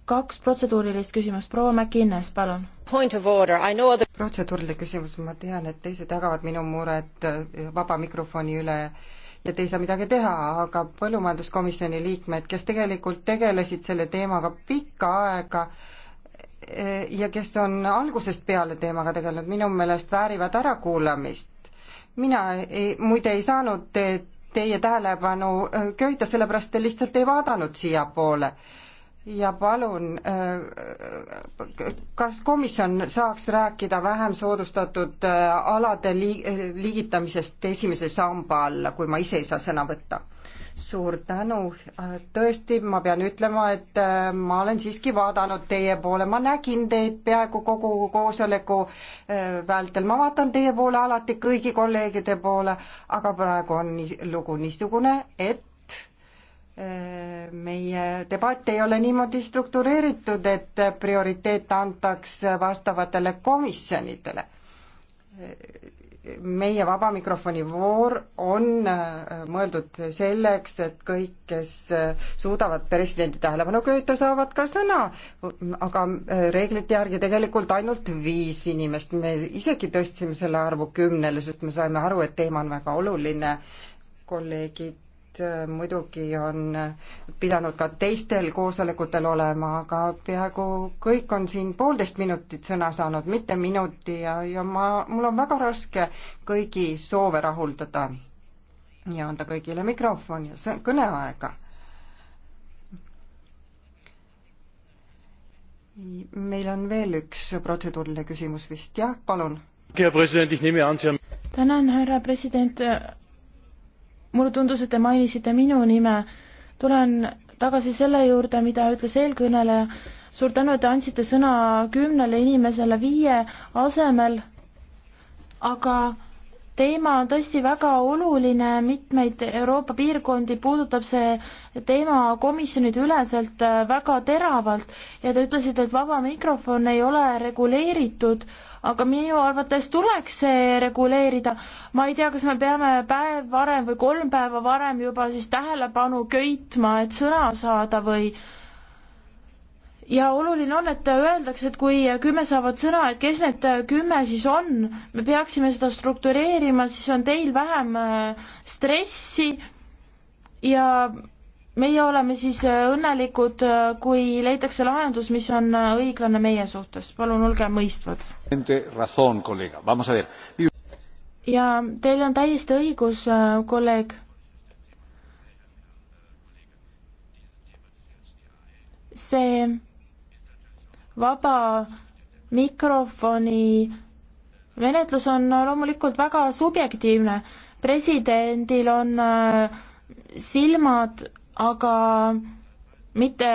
Speaker 3: kaks protseduurilist küsimust, proua McInnes, palun.
Speaker 2: The... protseduuriline küsimus, ma tean, et teised jagavad minu muret äh, vaba mikrofoni üle ja te ei saa midagi teha, aga põllumajanduskomisjoni liikmed, kes tegelikult tegelesid selle teemaga pikka aega, äh, ja kes on algusest peale teemaga tegelenud, minu meelest väärivad ärakuulamist. mina ei, muide ei saanud teie tähelepanu äh, köita, sellepärast te lihtsalt ei vaadanud siiapoole. ja palun, äh, kas komisjon saaks rääkida vähem soodustatud äh, alade liigitamisest esimese samba alla, kui ma ise ei saa sõna võtta? suur tänu, tõesti, ma pean ütlema, et äh, ma olen siiski vaadanud teie poole, ma nägin teid peaaegu kogu koosoleku äh, vältel, ma vaatan teie poole alati kõigi kolleegide poole, aga praegu on lugu niisugune, et äh, meie debatt ei ole niimoodi struktureeritud, et prioriteet antaks vastavatele komisjonidele meie vaba mikrofoni voor on äh, mõeldud selleks, et kõik, kes äh, suudavad presidendi tähelepanu köita, saavad ka sõna. aga äh, reeglite järgi tegelikult ainult viis inimest, me isegi tõstsime selle arvu kümnele, sest me saime aru, et teema on väga oluline. kolleegid Äh, muidugi on äh, pidanud ka teistel koosolekutel olema, aga peaaegu kõik on siin poolteist minutit sõna saanud, mitte minuti ja, ja ma, mul on väga raske kõigi soove rahuldada ja anda kõigile mikrofon ja kõneaega. meil on veel üks protseduuriline küsimus vist, jah, palun. tänan, härra president
Speaker 3: mulle tundus, et te mainisite minu nime. tulen tagasi selle juurde, mida ütles eelkõneleja. suur tänu, et te andsite sõna kümnele inimesele viie asemel. aga teema on tõesti väga oluline, mitmeid Euroopa piirkondi puudutab see teema komisjonide üleselt väga teravalt ja te ütlesite, et vaba mikrofon ei ole reguleeritud aga minu arvates tuleks see reguleerida. ma ei tea, kas me peame päev varem või kolm päeva varem juba siis tähelepanu köitma, et sõna saada või ja oluline on, et öeldakse, et kui kümme saavad sõna, et kes need kümme siis on, me peaksime seda struktureerima, siis on teil vähem äh, stressi ja meie oleme siis äh, õnnelikud, äh, kui leitakse lahendus, mis on äh, õiglane meie suhtes, palun olge mõistvad. ja teil on täiesti õigus, kolleeg. see vaba mikrofoni menetlus on loomulikult väga subjektiivne, presidendil on silmad aga mitte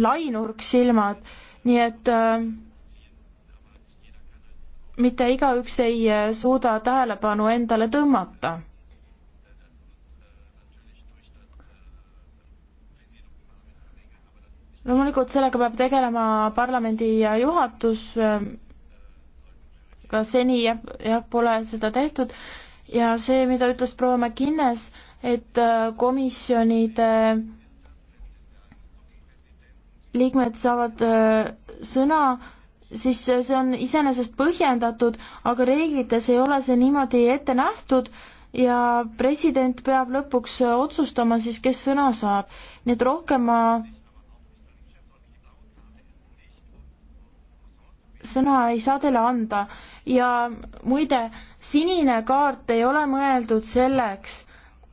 Speaker 3: lainurksilmad, nii et äh, mitte igaüks ei äh, suuda tähelepanu endale tõmmata. loomulikult sellega peab tegelema parlamendi juhatus, äh, ka seni jah, jah, pole seda tehtud ja see, mida ütles proua McInnes, et äh, komisjonide liikmed saavad äh, sõna, siis see on iseenesest põhjendatud, aga reeglites ei ole see niimoodi ette nähtud ja president peab lõpuks äh, otsustama siis, kes sõna saab. nii et rohkem ma sõna ei saa teile anda ja muide, sinine kaart ei ole mõeldud selleks,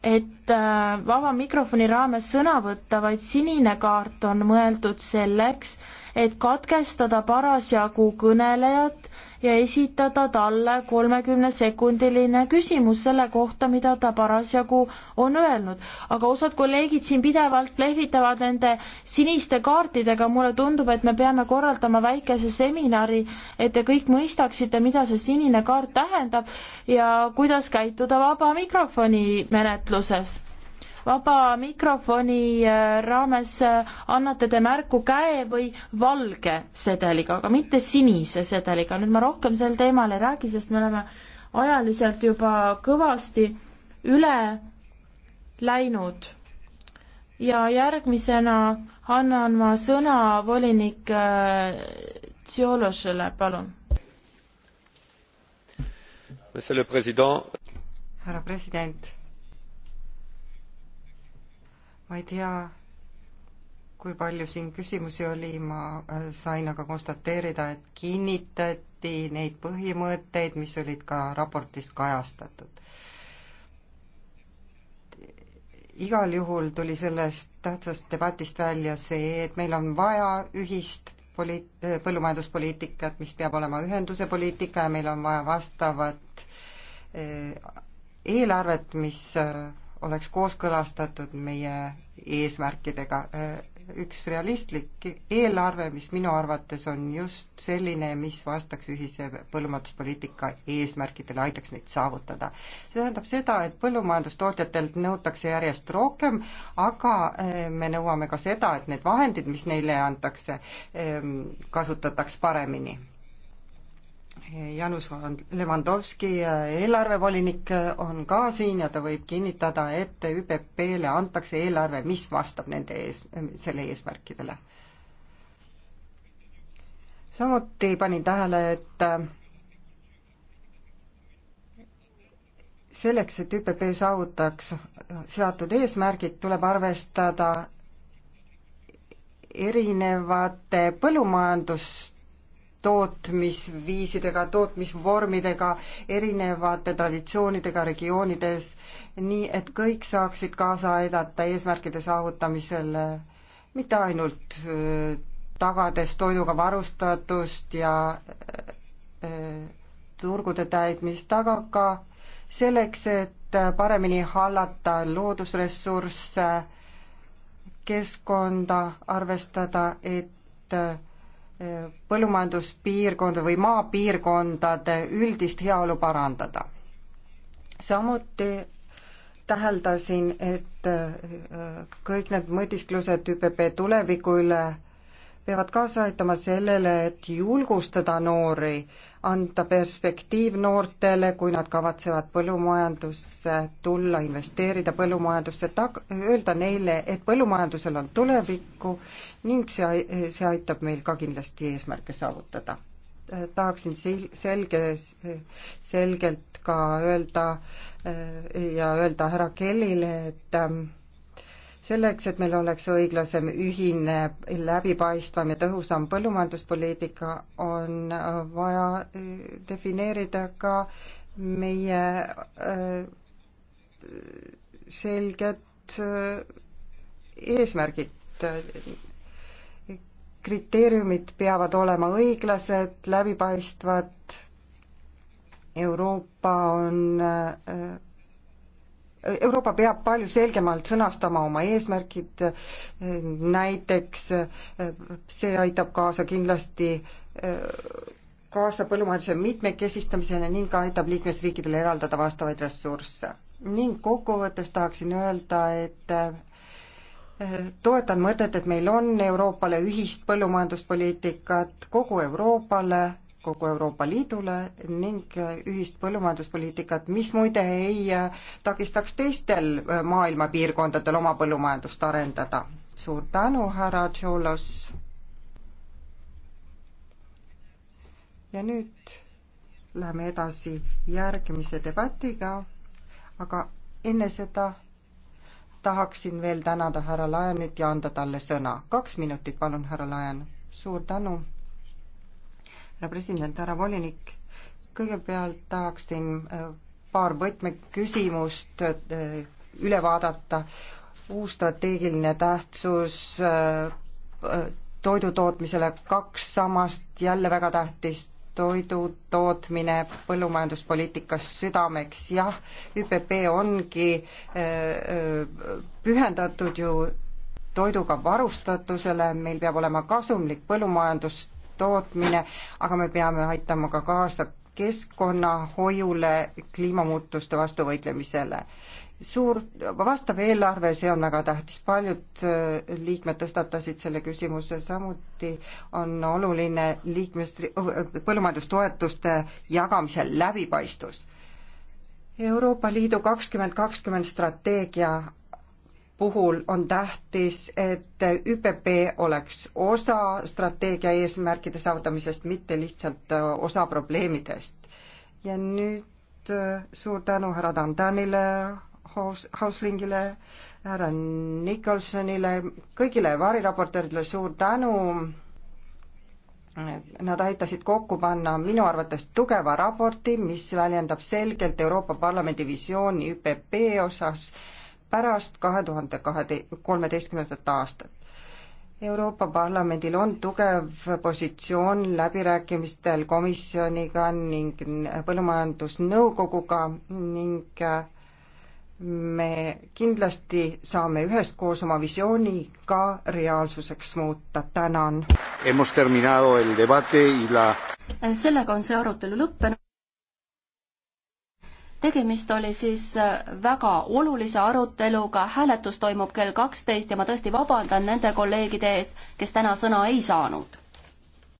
Speaker 3: et äh, vaba mikrofoni raames sõna võtta, vaid sinine kaart on mõeldud selleks, et katkestada parasjagu kõnelejat ja esitada talle kolmekümnesekundiline küsimus selle kohta, mida ta parasjagu on öelnud. aga osad kolleegid siin pidevalt lehvitavad nende siniste kaartidega, mulle tundub, et me peame korraldama väikese seminari, et te kõik mõistaksite, mida see sinine kaart tähendab ja kuidas käituda vaba mikrofoni menetluses vaba mikrofoni äh, raames äh, annate te märku käe või valge sedeliga, aga mitte sinise sedeliga. nüüd ma rohkem sel teemal ei räägi, sest me oleme ajaliselt juba kõvasti üle läinud. ja järgmisena annan ma sõna volinik äh, Tsiološele,
Speaker 2: palun. härra president ma ei tea, kui palju siin küsimusi oli, ma äh, sain aga konstateerida, et kinnitati neid põhimõtteid, mis olid ka raportis kajastatud. igal juhul tuli sellest tähtsast debatist välja see, et meil on vaja ühist poliit-, äh, põllumajanduspoliitikat, mis peab olema ühenduse poliitika ja meil on vaja vastavat äh, eelarvet, mis oleks kooskõlastatud meie eesmärkidega. Äh, üks realistlik eelarve, mis minu arvates on just selline, mis vastaks ühise põllumajanduspoliitika eesmärkidele, aitaks neid saavutada. see tähendab seda, et põllumajandustootjatelt nõutakse järjest rohkem, aga äh, me nõuame ka seda, et need vahendid, mis neile antakse, ähm, kasutataks paremini Janus Levandovski, äh, eelarvevolinik, äh, on ka siin ja ta võib kinnitada, et ÜPP-le antakse eelarve, mis vastab nende ees, selle eesmärkidele. samuti panin tähele, et äh, selleks, et ÜPP saavutaks seatud eesmärgid, tuleb arvestada erinevate põllumajandust tootmisviisidega, tootmisvormidega, erinevate traditsioonidega regioonides, nii et kõik saaksid kaasa aidata eesmärkide saavutamisele, mitte ainult äh, tagades toiduga varustatust ja äh, äh, turgude täitmist, aga ka selleks, et paremini hallata loodusressursse, keskkonda arvestada, et põllumajanduspiirkonda või maapiirkondade üldist heaolu parandada. samuti täheldasin, et äh, kõik need mõtisklused ÜPP tuleviku üle peavad kaasa aitama sellele, et julgustada noori, anda perspektiiv noortele, kui nad kavatsevad põllumajandusse tulla, investeerida põllumajandusse, tag-, öelda neile, et põllumajandusel on tulevikku ning see, see aitab meil ka kindlasti eesmärke saavutada. tahaksin sel-, selge, selgelt ka öelda ja öelda härra Kellile, et ähm, selleks, et meil oleks õiglasem, ühine, läbipaistvam ja tõhusam põllumajanduspoliitika, on äh, vaja äh, defineerida ka meie äh, selged eesmärgid. kriteeriumid peavad olema õiglased, läbipaistvad, Euroopa on Euroopa peab palju selgemalt sõnastama oma eesmärgid, näiteks see aitab kaasa kindlasti kaasa põllumajanduse mitmekesistamisele ning aitab liikmesriikidele eraldada vastavaid ressursse. ning kokkuvõttes tahaksin öelda, et toetan mõtet, et meil on Euroopale ühist põllumajanduspoliitikat kogu Euroopale kogu Euroopa Liidule ning ühist põllumajanduspoliitikat, mis muide ei takistaks teistel maailma piirkondadel oma põllumajandust arendada. suur tänu, härra Tšoulos. ja nüüd läheme edasi järgmise debatiga, aga enne seda tahaksin veel tänada härra Laenit ja anda talle sõna. kaks minutit, palun, härra Laen. suur tänu härra president, härra volinik, kõigepealt tahaksin äh, paar võtmeküsimust äh, üle vaadata, uus strateegiline tähtsus äh, toidutootmisele, kaks sammast, jälle väga tähtis, toidutootmine põllumajanduspoliitikas südameks, jah, ÜPP ongi pühendatud ju toiduga varustatusele, meil peab olema kasumlik põllumajandus, tootmine, aga me peame aitama ka kaasa keskkonnahoiule, kliimamuutuste vastu võitlemisele. suur, vastav eelarve, see on väga tähtis, paljud äh, liikmed tõstatasid selle küsimuse, samuti on oluline liikmesri-, põllumajandustoetuste jagamisel läbipaistvus Euroopa Liidu kakskümmend kakskümmend strateegia puhul on tähtis, et ÜPP oleks osa strateegia eesmärkide saavutamisest, mitte lihtsalt äh, osa probleemidest. ja nüüd äh, suur tänu härra Dandanile, Haus-, Hauslingile, härra Nicholsonile, kõigile variraportööridele suur tänu, Nad aitasid kokku panna minu arvates tugeva raporti, mis väljendab selgelt Euroopa Parlamendi visiooni ÜPP osas äh, pärast kahe tuhande kahete-, kolmeteistkümnendat aastat. Euroopa Parlamendil on tugev positsioon läbirääkimistel komisjoniga ning Põllumajandusnõukoguga ning äh, me kindlasti saame üheskoos oma visiooni ka reaalsuseks muuta, tänan. La... sellega on see arutelu lõppenud tegemist oli siis
Speaker 1: äh, väga olulise aruteluga, hääletus toimub kell kaksteist ja ma tõesti vabandan nende kolleegide ees, kes täna sõna ei saanud